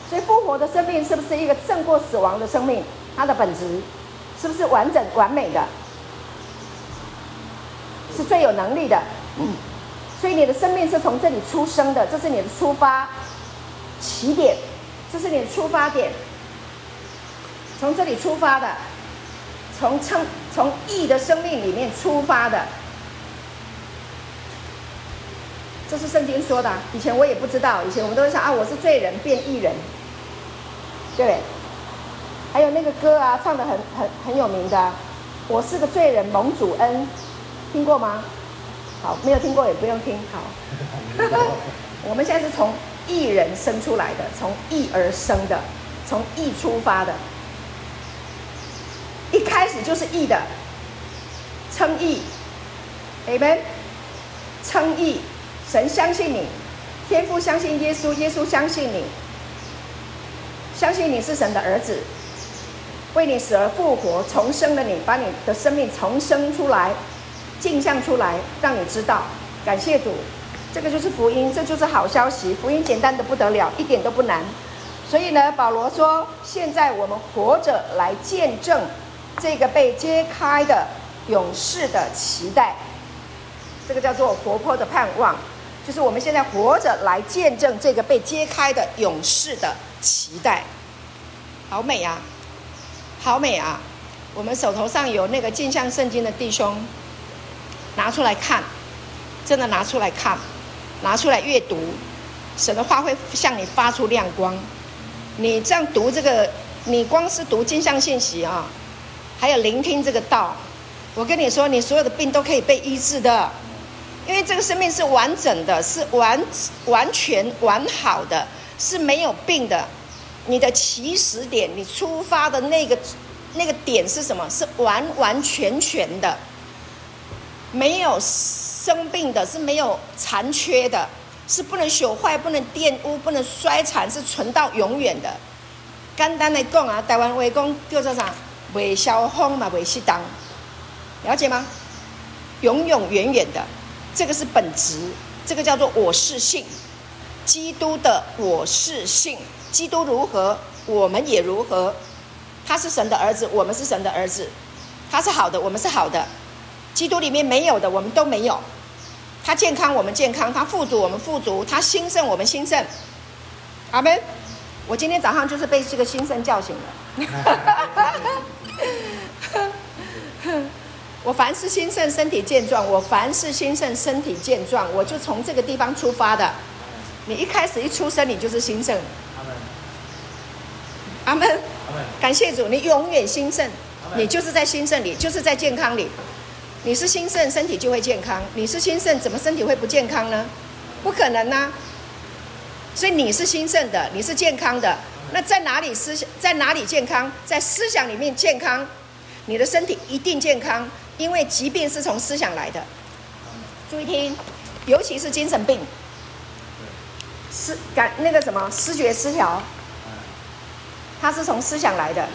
所以復活的生命是不是一個勝過死亡的生命？它的本質是不是完整完美的？是最有能力的。嗯，所以你的生命是從這裡出生的，這是你的出發起點，這是你的出發點，從這裡出發的，從稱，從義的生命裡面出發的。這是聖經說的、啊，以前我也不知道，以前我們都會想啊，我是罪人變義人，對不對？還有那個歌啊，唱的很很很有名的、啊，我是個罪人蒙主恩，聽過嗎？好，沒有聽過也不用聽。好， 我們現在是從義人生出來的，從義而生的，從義出發的，一開始就是義的，稱義，amen，稱義。神相信你，天父相信耶穌，耶穌相信你，相信你是神的兒子，為你死而復活、重生的你，把你的生命重生出來、鏡像出來，讓你知道。感謝主，這個就是福音，這就是好消息。福音簡單的不得了，一點都不難。所以呢，保羅說：“現在我們活着來見證這個被揭開的勇士的期待，這個叫做活潑的盼望。”就是我們現在活着來見證這個被揭開的勇士的期待，好美啊，好美啊！我們手頭上有那個鏡像聖經的弟兄，拿出來看，真的拿出來看，拿出來閱讀，神的話會向你發出亮光。你這樣讀這個，你光是讀鏡像信息啊，還有聆聽這個道，我跟你說，你所有的病都可以被醫治的。因為這個生命是完整的，是完完全完好的，是沒有病的。你的起始點，你出發的那個那個點是什麼？是完完全全的，沒有生病的，是沒有殘缺的，是不能朽壞，不能玷污，不能衰殘，是存到永遠的。簡單來講啊，台灣外公叫做啥？韋小風嘛，韋西當，了解嗎？永永遠遠的。這個是本質，這個叫做我是性，基督的我是性，基督如何我們也如何，他是神的兒子，我們是神的兒子，他是好的，我們是好的，基督裡面沒有的我們都沒有，他健康我們健康，他富足我們富足，他興盛我們興盛，阿門。我今天早上就是被這個興盛叫醒了。 我凡事興盛，身體健壯；我凡事興盛，身體健壯，我就從這個地方出發的。你一開始一出生，你就是興盛。阿門。阿門。感謝主，你永遠興盛。你就是在興盛裡，就是在健康裡。你是興盛，身體就會健康。你是興盛，怎麼身體會不健康呢？不可能呢、啊。所以你是興盛的，你是健康的。那在哪裡思想？在哪裡健康？在思想裡面健康，你的身體一定健康。因為疾病是從思想來的，注意聽，尤其是精神病，是感那個什麼思覺失調，它是從思想來的。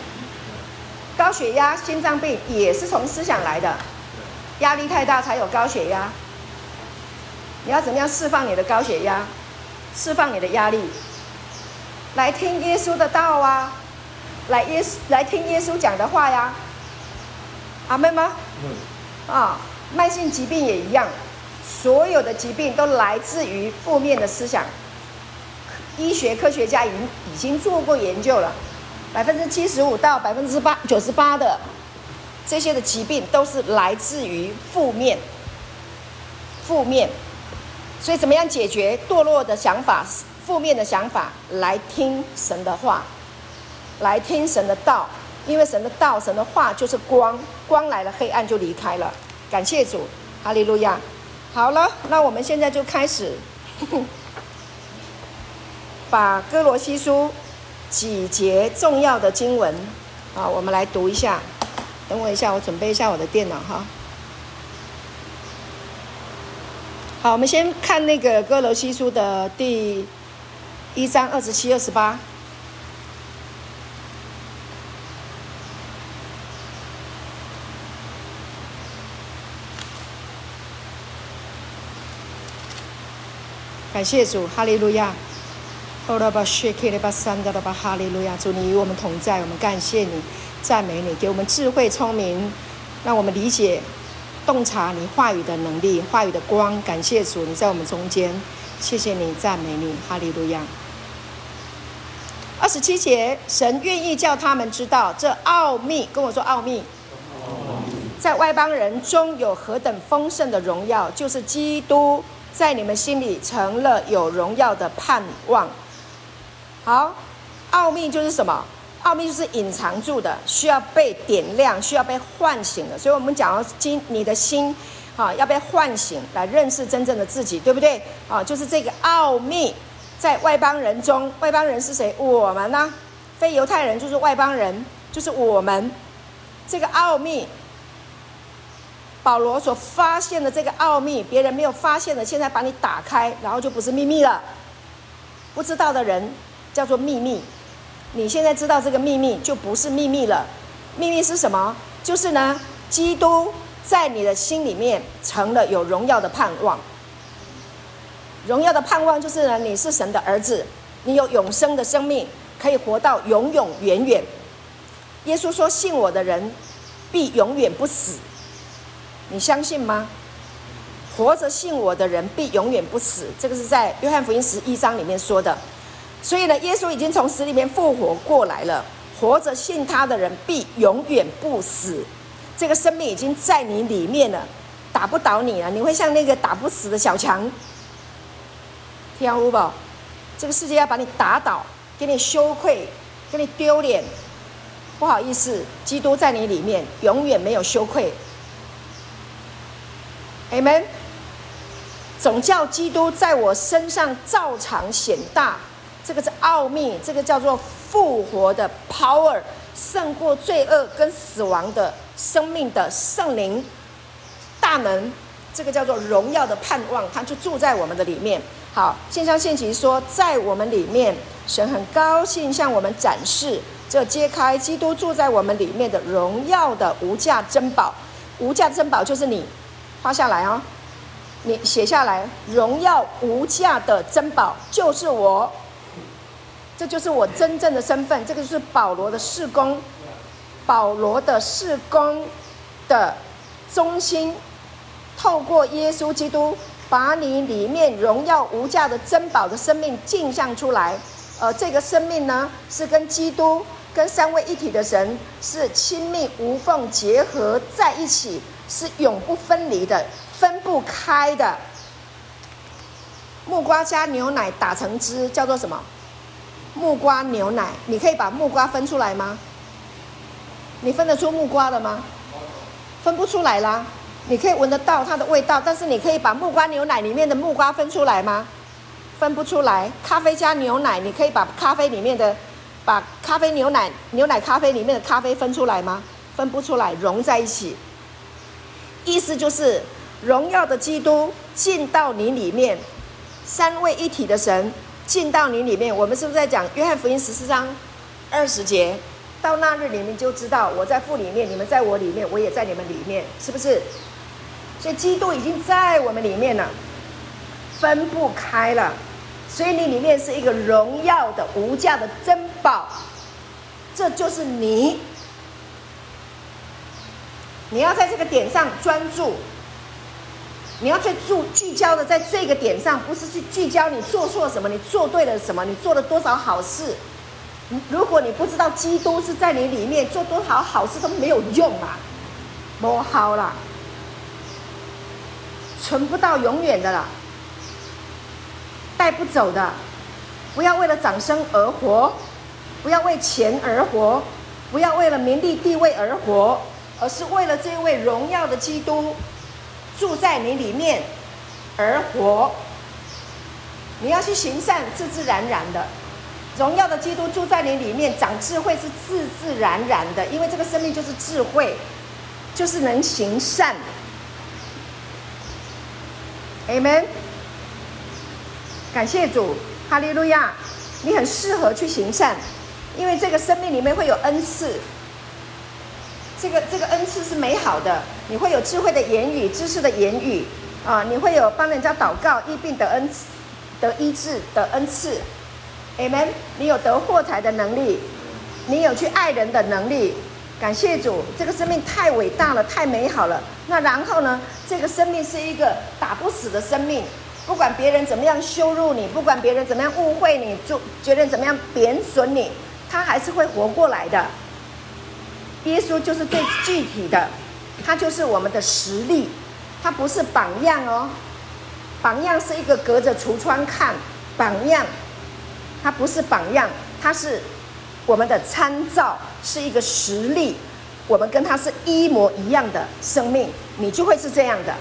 高血壓、心臟病也是從思想來的，壓力太大才有高血壓。你要怎麼樣釋放你的高血壓，釋放你的壓力？來聽耶穌的道啊，來耶穌來聽耶穌講的話呀、啊，阿們嗎？啊、哦，慢性疾病也一樣，所有的疾病都來自於負面的思想。醫學科學家已經已經做過研究了，百分之七十五到百分之八九十八的這些的疾病都是來自於負面負面。所以，怎麼樣解決墮落的想法、負面的想法？來聽神的話，來聽神的道。因為神的道、神的話就是光，光來了，黑暗就離開了。感謝主，哈利路亞。好了，那我們現在就開始，呵呵把歌羅西書幾節重要的經文，好，我們來讀一下。等我一下，我準備一下我的電腦哈。好，我們先看那個歌羅西書的第一章二十七、二十八。感謝主，哈利路亞。主你與我們同在，我們感謝你，讚美你，給我們智慧、聰明，讓我們理解、洞察你話語的能力、話語的光。感謝主，你在我們中間。謝謝你，讚美你，哈利路亞。二十七節，神願意叫他們知道這奧秘。跟我說奧秘。在外邦人中有何等豐盛的榮耀，就是基督，在你們心裡成了有榮耀的盼望。好，奧秘就是什麼？奧秘就是隱藏住的，需要被點亮，需要被喚醒的。所以，我們講今你的心，啊，要被喚醒，來認識真正的自己，對不對？啊，就是這個奧秘，在外邦人中，外邦人是誰？我們呢、啊？非猶太人就是外邦人，就是我們。這個奧秘。保羅所發現的這個奧秘，別人沒有發現的，現在把你打開，然後就不是秘密了。不知道的人叫做秘密，你現在知道這個秘密，就不是秘密了。秘密是什麼？就是呢，基督在你的心裡面成了有榮耀的盼望。榮耀的盼望就是呢，你是神的兒子，你有永生的生命，可以活到永永遠遠。耶穌說：“信我的人必永遠不死。”你相信嗎？活着信我的人必永遠不死。這個是在約翰福音十一章裡面說的。所以呢，耶穌已經從死裡面復活過來了。活着信他的人必永遠不死。這個生命已經在你裡面了，打不倒你了。你會像那個打不死的小強。聽到有沒有？這個世界要把你打倒，給你羞愧，給你丟臉。不好意思，基督在你裡面，永遠沒有羞愧。阿們，總叫基督在我身上照常顯大，這個是奧秘，這個叫做復活的 power 勝過罪惡跟死亡的生命的聖靈大能，這個叫做榮耀的盼望，它就住在我們的裡面。好，線上信情說，在我們裡面，神很高興向我們展示，這揭開基督住在我們裡面的榮耀的無價珍寶，無價珍寶就是你。發下來啊、哦！你寫下來，榮耀無價的珍寶就是我，這就是我真正的身份。這個就是保羅的事工，保羅的事工的中心，透過耶穌基督，把你裡面榮耀無價的珍寶的生命鏡像出來。呃，這個生命呢，是跟基督、跟三位一體的神是親密無縫結合在一起。是永不分離的，分不開的。木瓜加牛奶打成汁，叫做什麼？木瓜牛奶。你可以把木瓜分出來嗎？你分得出木瓜了嗎？分不出來啦。你可以聞得到它的味道，但是你可以把木瓜牛奶裡面的木瓜分出來嗎？分不出來。咖啡加牛奶，你可以把咖啡裡面的，把咖啡牛奶、牛奶咖啡裡面的咖啡分出來嗎？分不出來，融在一起。意思就是，榮耀的基督進到你裡面，三位一體的神進到你裡面。我們是不是在講約翰福音十四章二十節？到那日，你們就知道我在父裡面，你們在我裡面，我也在你們裡面，是不是？所以基督已經在我們裡面了，分不開了。所以你裡面是一個榮耀的無價的珍寶，這就是你。你要在這個點上專注，你要去注聚焦的在這個點上，不是去聚焦你做錯什麼，你做對了什麼，你做了多少好事。如果你不知道基督是在你裡面做多少好事都沒有用啊，無效啦，存不到永遠的了，帶不走的。不要為了掌聲而活，不要為錢而活，不要為了名利地位而活。而是為了這位榮耀的基督住在你裡面而活，你要去行善，自自然然的。榮耀的基督住在你裡面，長智慧是自自然然的，因為這個生命就是智慧，就是能行善。Amen 感謝主，哈利路亞。你很適合去行善，因為這個生命裡面會有恩賜。這個這個恩賜是美好的，你會有智慧的言語、知識的言語，啊，你會有幫人家禱告、醫病的恩賜。得醫治的恩賜，amen。你有得貨財的能力，你有去愛人的能力。感謝主，這個生命太偉大了，太美好了。那然後呢？這個生命是一個打不死的生命，不管別人怎麼樣羞辱你，不管別人怎麼樣誤會你，就覺得怎麼樣貶損你，他還是會活過來的。耶穌就是最具體的，他就是我們的實例，他不是榜樣哦。榜樣是一個隔着櫥窗看，榜樣，他不是榜樣，他是我們的參照，是一個實例，我們跟他是一模一樣的生命，你就會是這樣的。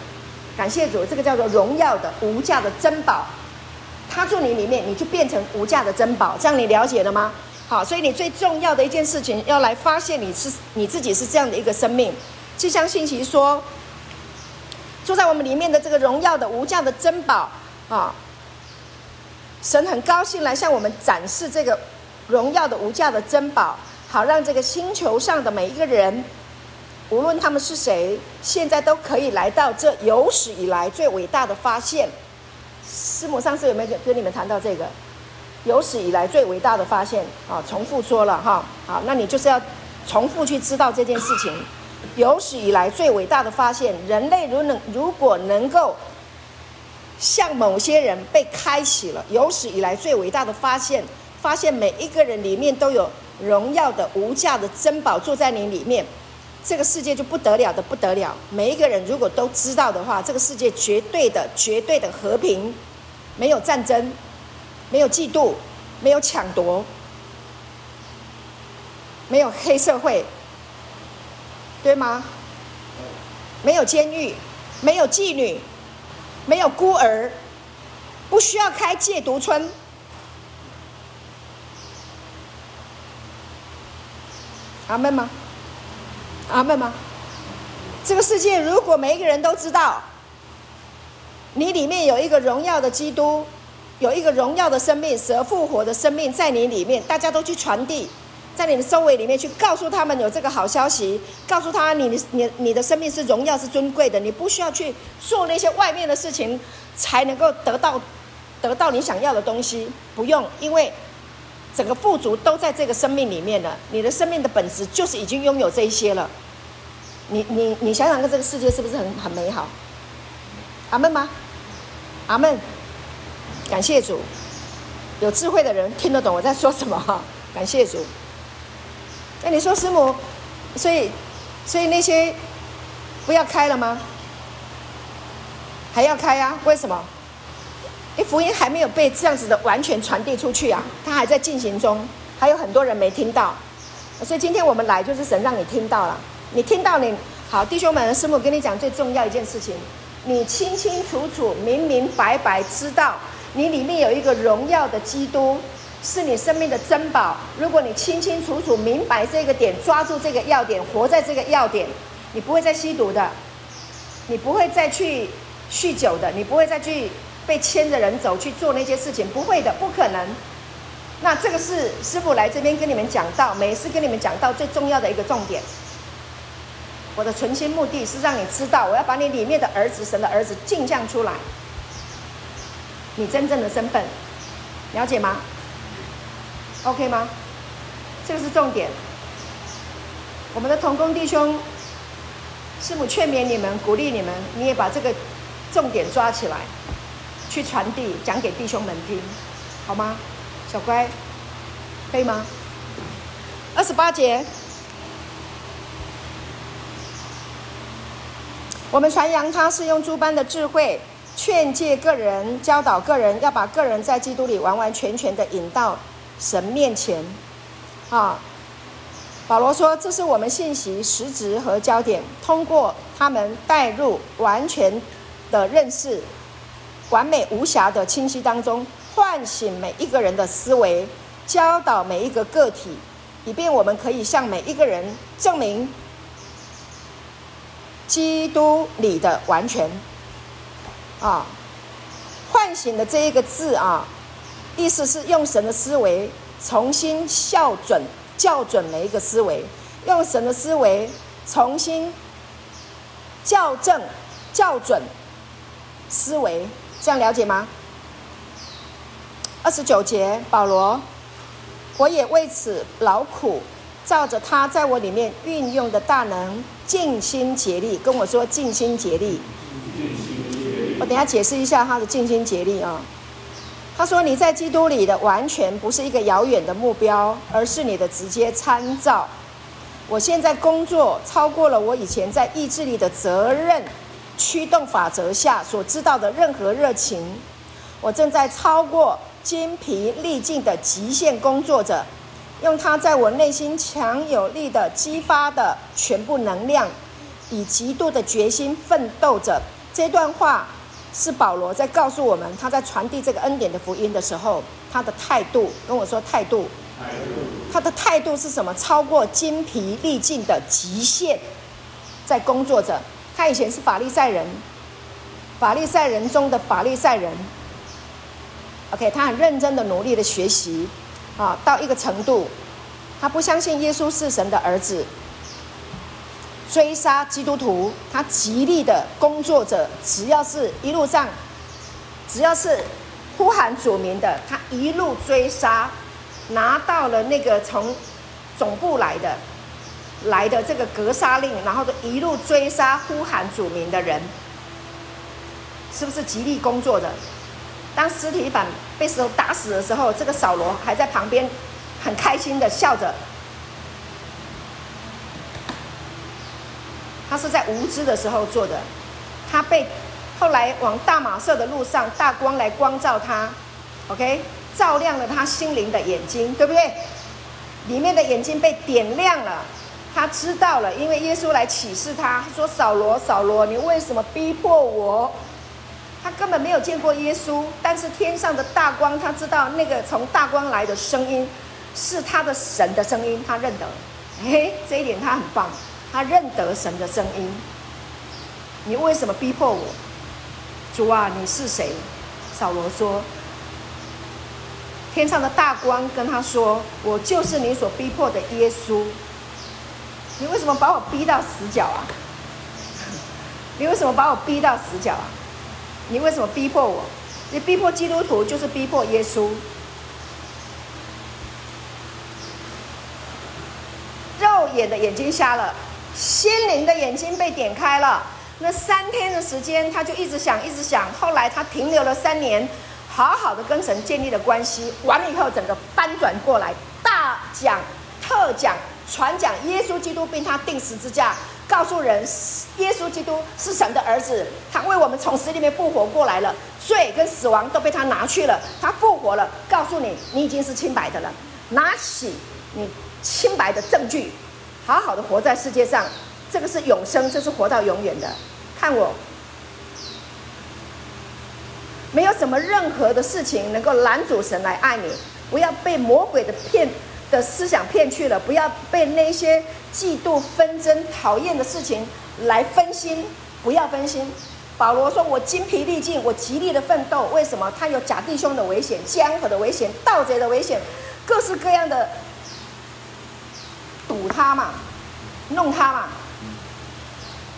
感謝主，這個叫做榮耀的無價的珍寶，他住你裡面，你就變成無價的珍寶。這樣你了解了嗎？好，所以你最重要的一件事情，要來發現你是你自己是這樣的一個生命，就像信息說，住在我們裡面的這個榮耀的無價的珍寶啊，神很高興來向我們展示這個榮耀的無價的珍寶，好讓這個星球上的每一個人，無論他們是誰，現在都可以來到這有史以來最偉大的發現。師母上次有沒有跟你們談到這個？有史以來最偉大的發現啊！重複說了哈，好，那你就是要重複去知道這件事情。有史以來最偉大的發現，人類如能如果能夠像某些人被開啟了，有史以來最偉大的發現，發現每一個人裡面都有榮耀的無價的珍寶坐在你裡面，這個世界就不得了的不得了。每一個人如果都知道的話，這個世界絕對的絕對的和平，沒有戰爭。沒有嫉妒，沒有搶奪，沒有黑社會，對嗎？沒有監獄，沒有妓女，沒有孤兒，不需要開戒毒村。阿們嗎？阿們嗎？這個世界，如果每一個人都知道，你裡面有一個榮耀的基督。有一個榮耀的生命，死而復活的生命，在你裡面，大家都去傳遞，在你的周圍裡面去告訴他們有這個好消息，告訴他們你你你的生命是榮耀是尊貴的，你不需要去做那些外面的事情才能夠得到得到你想要的東西，不用，因為整個富足都在這個生命裡面了，你的生命的本質就是已經擁有這一些了，你你你想想看這個世界是不是很很美好？阿門嗎？阿門。感謝主，有智慧的人聽得懂我在說什麼哈、啊。感謝主。那、哎、你說師母，所以，所以那些不要開了嗎？還要開啊？為什麼？哎，福音還沒有被這樣子的完全傳遞出去啊，它還在進行中，還有很多人沒聽到。所以今天我們來，就是神讓你聽到了。你聽到你好弟兄們，師母跟你講最重要一件事情，你清清楚楚、明明白白知道。你裡面有一個榮耀的基督，是你生命的珍寶。如果你清清楚楚明白這個點，抓住這個要點，活在這個要點，你不會再吸毒的，你不會再去酗酒的，你不會再去被牽着人走去做那些事情，不會的，不可能。那這個是師傅來這邊跟你們講到，每次跟你們講到最重要的一個重點。我的存心目的是讓你知道，我要把你裡面的兒子，神的兒子，鏡像出來。你真正的身份，了解嗎？OK 嗎？這個是重點。我們的同工弟兄，師母勸勉你們，鼓勵你們，你也把這個重點抓起來，去傳遞講給弟兄們聽，好嗎？小乖，可以嗎？二十八節，我們傳揚他是用諸般的智慧。勸誡個人，教導個人，要把個人在基督裡完完全全的引到神面前。啊，保羅說，這是我們信息實質和焦點。通過他們帶入完全的認識、完美無瑕的清晰當中，喚醒每一個人的思維，教導每一個個體，以便我們可以向每一個人證明基督裡的完全。啊，喚醒的這一個字啊，意思是用神的思維重新校準、校準每一個思維，用神的思維重新校正、校準思維，這樣了解嗎？二十九節，保羅，我也為此勞苦，照着他在我裡面運用的大能，盡心竭力，跟我說盡心竭力。我等一下解釋一下他的盡心竭力啊，哦。他說：“你在基督裡的完全不是一個遙遠的目標，而是你的直接參照。”我現在工作超過了我以前在意志力的責任驅動法則下所知道的任何熱情。我正在超過筋疲力盡的極限工作着，用他在我內心強有力地激發的全部能量，以極度的決心奮鬥着。這段話。是保羅在告訴我們，他在傳遞這個恩典的福音的時候，他的態度跟我說態度，態度，他的態度是什麼？超過筋疲力盡的極限，在工作着。他以前是法利賽人，法利賽人中的法利賽人。OK，他很認真的努力的學習啊，到一個程度，他不相信耶穌是神的兒子。追殺基督徒，他極力的工作着，只要是一路上，只要是呼喊主名的，他一路追殺，拿到了那個從總部來的來的這個格殺令，然後就一路追殺呼喊主名的人，是不是極力工作的？當司提反被石頭打死的時候，這個掃羅還在旁邊很開心的笑着。他是在無知的時候做的，他被後來往大馬色的路上大光來光照他，OK，照亮了他心靈的眼睛，對不對？裡面的眼睛被點亮了，他知道了，因為耶穌來啟示他說：“掃羅，掃羅，你為什麼逼迫我？”他根本沒有見過耶穌，但是天上的大光，他知道那個從大光來的聲音是他的神的聲音，他認得。哎，這一點他很棒。他認得神的聲音。你為什麼逼迫我？主啊，你是誰？掃羅說：“天上的大光跟他說，我就是你所逼迫的耶穌。你為什麼把我逼到死角啊？你為什麼把我逼到死角啊？你為什麼逼迫我？你逼迫基督徒就是逼迫耶穌。肉眼的眼睛瞎了。”心靈的眼睛被點開了，那三天的時間，他就一直想，一直想。後來他停留了三年，好好的跟神建立了關係。完了以後，整個翻轉過來，大講、特講、傳講耶穌基督，並他釘十字架，告訴人：耶穌基督是神的兒子，他為我們從死裡面復活過來了，罪跟死亡都被他拿去了，他復活了，告訴你，你已經是清白的了。拿起你清白的證據。好好的活在世界上，這個是永生，這是活到永遠的。看我，沒有什麼任何的事情能夠攔阻神來愛你。不要被魔鬼的騙的思想騙去了，不要被那些嫉妒、紛爭、討厭的事情來分心，不要分心。保羅說：“我筋疲力盡，我極力的奮鬥。為什麼？他有假弟兄的危險，江河的危險，盜賊的危險，各式各樣的。”堵他嘛，弄他嘛。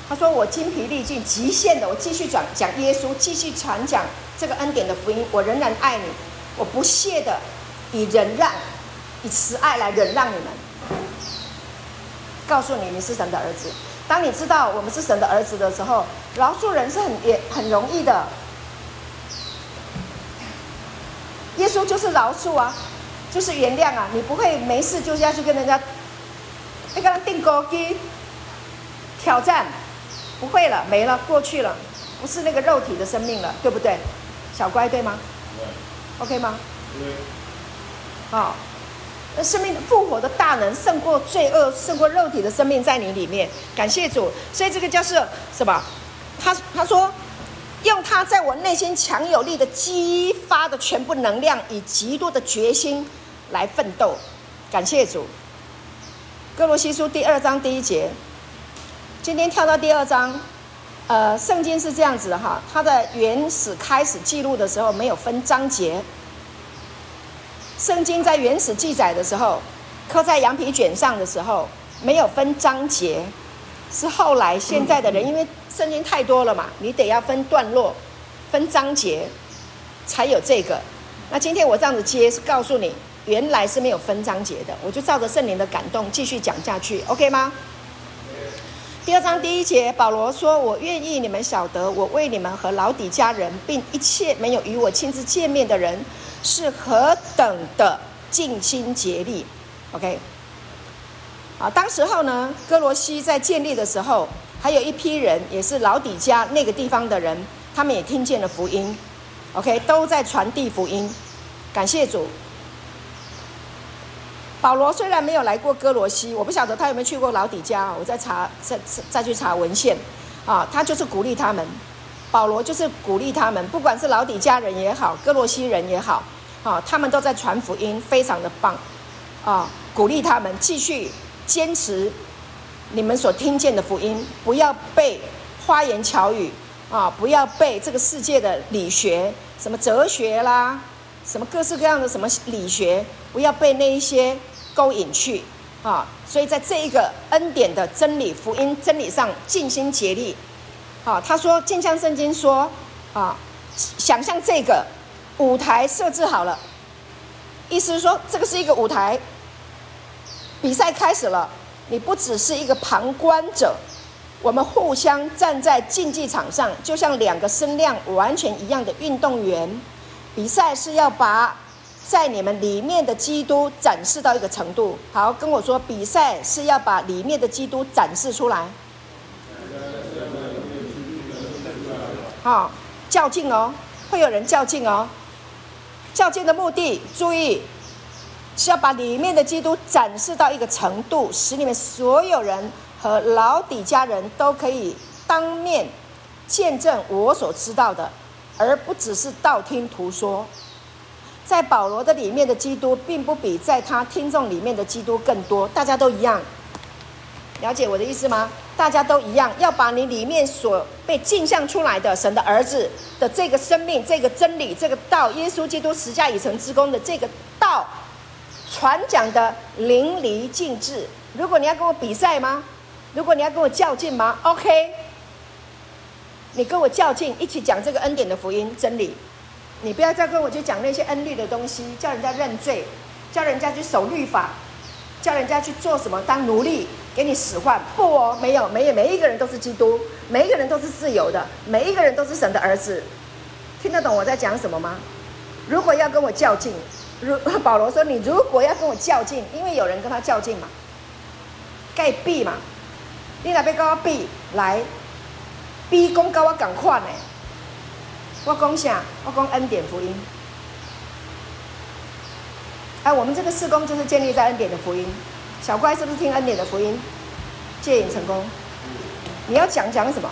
他說：“我精疲力盡，極限的，我繼續講講耶穌，繼續傳講這個恩典的福音。我仍然愛你，我不屑的以忍讓，以慈愛來忍讓你們。告訴你，你是神的兒子。當你知道我們是神的兒子的時候，饒恕人是很也很容易的。耶穌就是饒恕啊，就是原諒啊。你不會沒事就是要去跟人家。”那個定高機挑戰，不會了，沒了，過去了，不是那個肉體的生命了，對不對？小乖，對嗎？對。Yeah. OK 嗎？對 Yeah.、哦。好，那生命的復活的大能，勝過罪惡，勝過肉體的生命，在你裡面。感謝主。所以這個就是，什麼他他說，用他在我內心強有力的激發的全部能量，以極度的決心來奮鬥。感謝主。歌羅西書第二章第一節，今天跳到第二章，呃，聖經是這樣子的哈，它的原始開始記錄的時候沒有分章節。聖經在原始記載的時候，刻在羊皮卷上的時候沒有分章節，是後來現在的人因為聖經太多了嘛，你得要分段落、分章節，才有這個。那今天我這樣子接是告訴你。原來是沒有分章節的，我就照着聖靈的感動繼續講下去，OK 嗎？第二章第一節，保羅說：“我願意你們曉得，我為你們和老底家人，並一切沒有與我親自見面的人，是何等的盡心竭力。”OK。啊，當時候呢，哥羅西在建立的時候，還有一批人也是老底家那個地方的人，他們也聽見了福音，OK，都在傳遞福音，感謝主。保羅雖然沒有來過歌羅西，我不曉得他有沒有去過老底家，我再查再、再去查文獻，啊，他就是鼓勵他們，保羅就是鼓勵他們，不管是老底家人也好，歌羅西人也好，啊，他們都在傳福音，非常的棒，啊，鼓勵他們繼續堅持你們所聽見的福音，不要被花言巧語啊，不要被這個世界的理學什麼哲學啦，什麼各式各樣的什麼理學。不要被那一些勾引去啊！所以在這一個恩典的真理福音真理上盡心竭力啊！他說，靜香聖經說啊，想象這個舞台設置好了，意思是說這個是一個舞台，比賽開始了，你不只是一個旁觀者，我們互相站在競技場上，就像兩個身量完全一樣的運動員，比賽是要把。在你們裡面的基督展示到一個程度好，好跟我說，比賽是要把裡面的基督展示出來。好，較勁哦，會有人較勁哦。較勁的目的，注意是要把裡面的基督展示到一個程度，使你們所有人和老底嘉人都可以當面見證我所知道的，而不只是道聽途說。在保羅的裡面的基督，並不比在他聽眾裡面的基督更多，大家都一樣，了解我的意思嗎？大家都一樣，要把你裡面所被鏡像出來的神的兒子的這個生命、這個真理、這個道，耶穌基督十字架已成之工的這個道，傳講得淋漓盡致。如果你要跟我比賽嗎？如果你要跟我較勁嗎？OK，你跟我較勁，一起講這個恩典的福音真理。你不要再跟我去講那些恩律的東西，叫人家認罪，叫人家去守律法，叫人家去做什麼當奴隸給你使喚？不哦，沒有，沒有，每一個人都是基督，每一個人都是自由的，每一個人都是神的兒子。聽得懂我在講什麼嗎？如果要跟我較勁，如保羅說，你如果要跟我較勁，因為有人跟他較勁嘛，蓋比嘛，你哪邊跟我比？來，逼公跟我同款的。我講下，我講恩典福音。哎、啊，我們這個事工就是建立在恩典的福音。小乖是不是聽恩典的福音？戒癮，成功。你要講講什麼？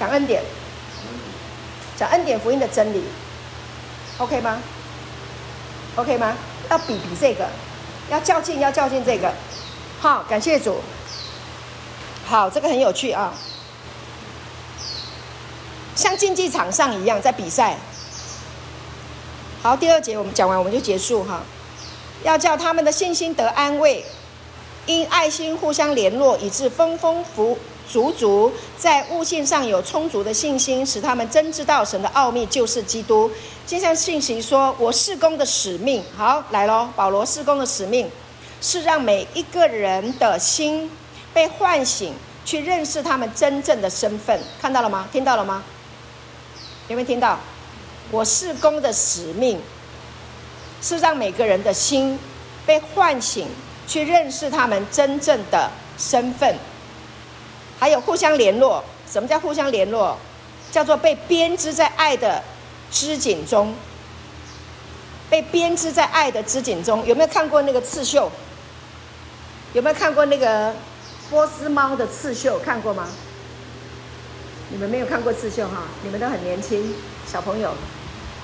講恩典，講恩典福音的真理，OK 嗎？OK 嗎？要比比這個，要較勁，要較勁這個。好，感謝主。好，這個很有趣啊、哦。像競技場上一樣，在比賽。好，第二節我們講完我們就結束哈。要叫他們的信心得安慰，因愛心互相聯絡，以致豐豐福足足在悟性上有充足的信心，使他們真知道神的奧秘就是基督。接上信息說，我事工的使命，好來咯，保羅事工的使命是讓每一個人的心被喚醒，去認識他們真正的身份。看到了嗎？聽到了嗎？有沒有聽到？我事工的使命是讓每個人的心被喚醒，去認識他們真正的身份，還有互相聯絡。什麼叫互相聯絡？叫做被編織在愛的織錦中，被編織在愛的織錦中。有沒有看過那個刺繡？有沒有看過那個波斯貓的刺繡？看過嗎？你們沒有看過刺繡哈？你們都很年輕，小朋友，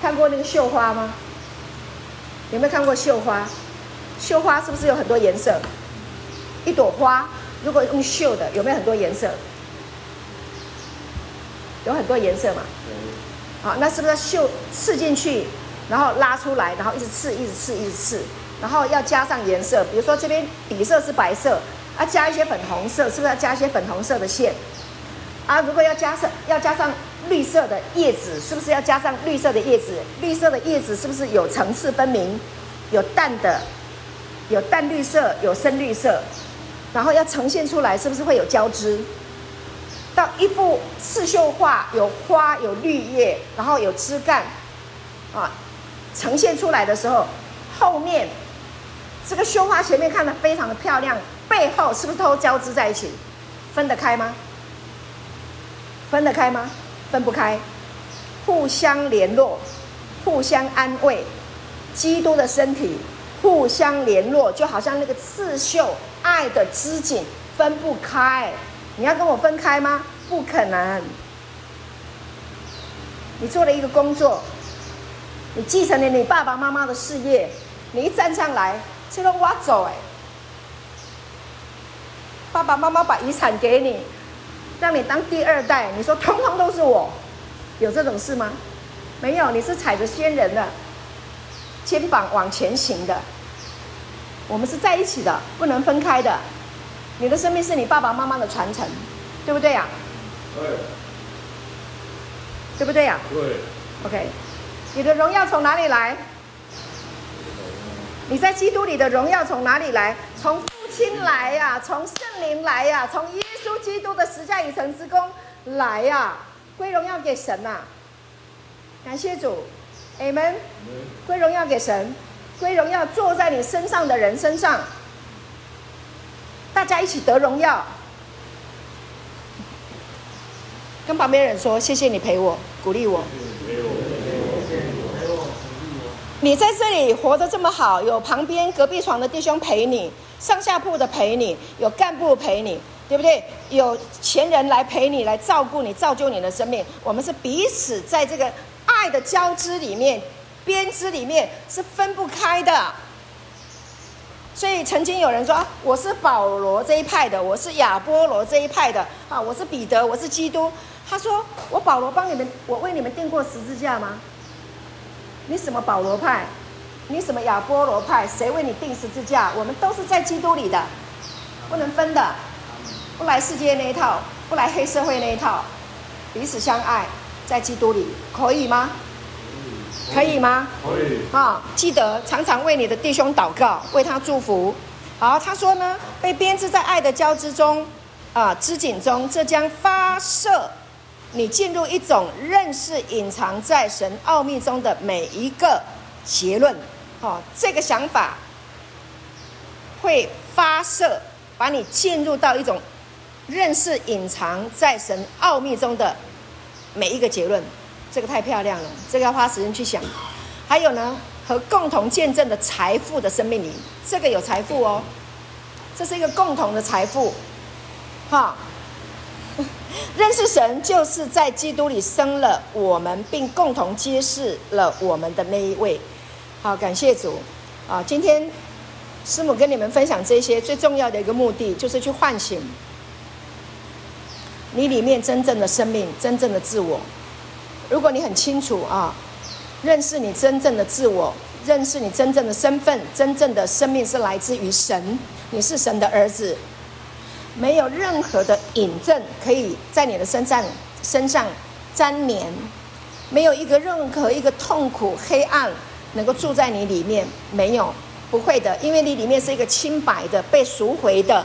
看過那個繡花嗎？你有沒有看過繡花？繡花是不是有很多顏色？一朵花如果用繡的，有沒有很多顏色？有很多顏色嘛？好，那是不是要繡，刺進去，然後拉出來，然後一直刺，一直刺，一直刺，一直刺，然後要加上顏色。比如說這邊底色是白色，啊，要加一些粉紅色，是不是要加一些粉紅色的線？啊，如果要加上要加上綠色的葉子，是不是要加上綠色的葉子？綠色的葉子是不是有層次分明？有淡的，有淡綠色，有深綠色。然後要呈現出來，是不是會有交織？到一幅刺繡畫，有花，有綠葉，然後有枝幹，啊、呃，呈現出來的時候，後面這個繡花前面看的非常的漂亮，背後是不是都交織在一起？分得開嗎？分得開嗎？分不開，互相聯絡，互相安慰，基督的身體互相聯絡，就好像那個刺繡愛的織錦分不開。你要跟我分開嗎？不可能。你做了一個工作，你繼承了你爸爸媽媽的事業，你一站上來，這都挖走哎。爸爸媽媽把遺產給你。讓你當第二代，你說通通都是我，有這種事嗎？沒有，你是踩着先人的肩膀往前行的。我們是在一起的，不能分開的。你的生命是你爸爸媽媽的傳承，對不對呀？對。對不對呀？對。OK，你的榮耀從哪裡來？你在基督裡的榮耀從哪裡來？從父親來呀、啊，從聖靈來呀、啊，從耶穌基督的十架已成之工來呀、啊，歸榮耀給神啊！感謝主，amen。歸榮耀給神，歸榮耀坐在你身上的人身上，大家一起得榮耀。跟旁邊人說，謝謝你陪我，鼓勵我。我我我我你在這裡活得這麼好，有旁邊隔壁床的弟兄陪你。上下鋪的陪你，有幹部陪你，對不對？有前人來陪你，來照顧你，造就你的生命。我們是彼此在這個愛的交織裡面、編織裡面是分不開的。所以曾經有人說：“我是保羅這一派的，我是亞波羅這一派的，啊，我是彼得，我是基督。”他說：“我保羅幫你們，我為你們釘過十字架嗎？你什麼保羅派？”你什麼亞波羅派？誰為你釘十字架？我們都是在基督裡的，不能分的，不來世界那一套，不來黑社會那一套，彼此相愛，在基督裡，可以嗎？可以，可以嗎？可以啊、哦！記得常常為你的弟兄禱告，為他祝福。好，他說呢，被編織在愛的交織中，啊，織錦中，這將發射你進入一種認識隱藏在神奧秘中的每一個結論。哦，這個想法會發射，把你進入到一種認識隱藏在神奧秘中的每一個結論。這個太漂亮了，這個要花時間去想。還有呢，和共同見證的財富的生命力，這個有財富哦。這是一個共同的財富。哈、哦，認識神就是在基督裡生了我們，並共同揭示了我們的那一位。好，感謝主。啊，今天師母跟你們分享這些最重要的一個目的，就是去喚醒你裡面真正的生命、真正的自我。如果你很清楚啊，認識你真正的自我，認識你真正的身份，真正的生命是來自於神，你是神的兒子，沒有任何的引證可以在你的身上身上粘連，沒有一個任何一個痛苦、黑暗。能夠住在你裡面沒有？不會的，因為你裡面是一個清白的、被贖回的、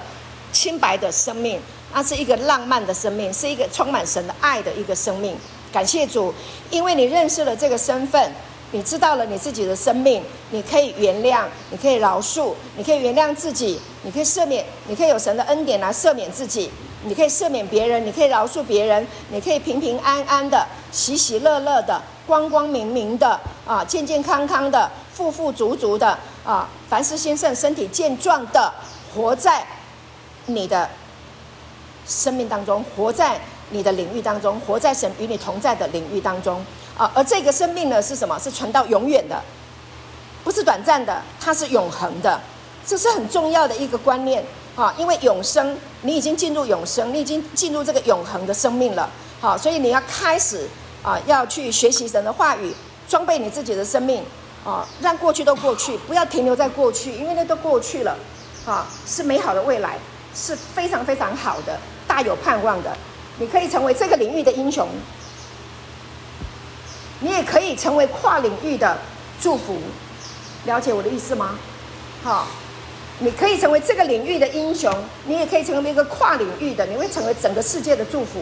清白的生命。那、啊、是一個浪漫的生命，是一個充滿神的愛的一個生命。感謝主，因為你認識了這個身份，你知道了你自己的生命，你可以原諒，你可以饒恕，你可以原諒自己，你可以赦免，你可以有神的恩典來赦免自己，你可以赦免別人，你可以饒恕別人，你可以平平安安的、喜喜樂樂的，光光明明的啊，健健康康的，富富足足的啊，凡事興盛，身體健壯的，活在你的生命當中，活在你的領域當中，活在神與你同在的領域當中啊。而這個生命呢，是什麼？是存到永遠的，不是短暫的，它是永恆的。這是很重要的一個觀念啊，因為永生，你已經進入永生，你已經進入這個永恆的生命了。好、啊，所以你要開始。啊，要去學習神的話語，裝備你自己的生命啊，讓過去都過去，不要停留在過去，因為那都過去了啊，是美好的未來，是非常非常好的，大有盼望的。你可以成為這個領域的英雄，你也可以成為跨領域的祝福，了解我的意思嗎？好，啊，你可以成為這個領域的英雄，你也可以成為一個跨領域的，你會成為整個世界的祝福。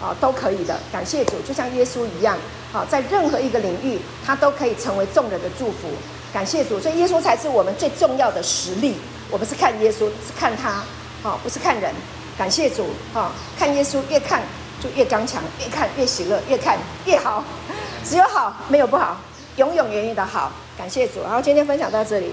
啊、哦，都可以的。感謝主，就像耶穌一樣，啊、哦，在任何一個領域，他都可以成為眾人的祝福。感謝主，所以耶穌才是我們最重要的實力。我們是看耶穌，是看他，啊、哦，不是看人。感謝主，啊、哦，看耶穌，越看就越剛強，越看越喜樂，越看越好，只有好，沒有不好，永永遠遠的好。感謝主。然後今天分享到這裡。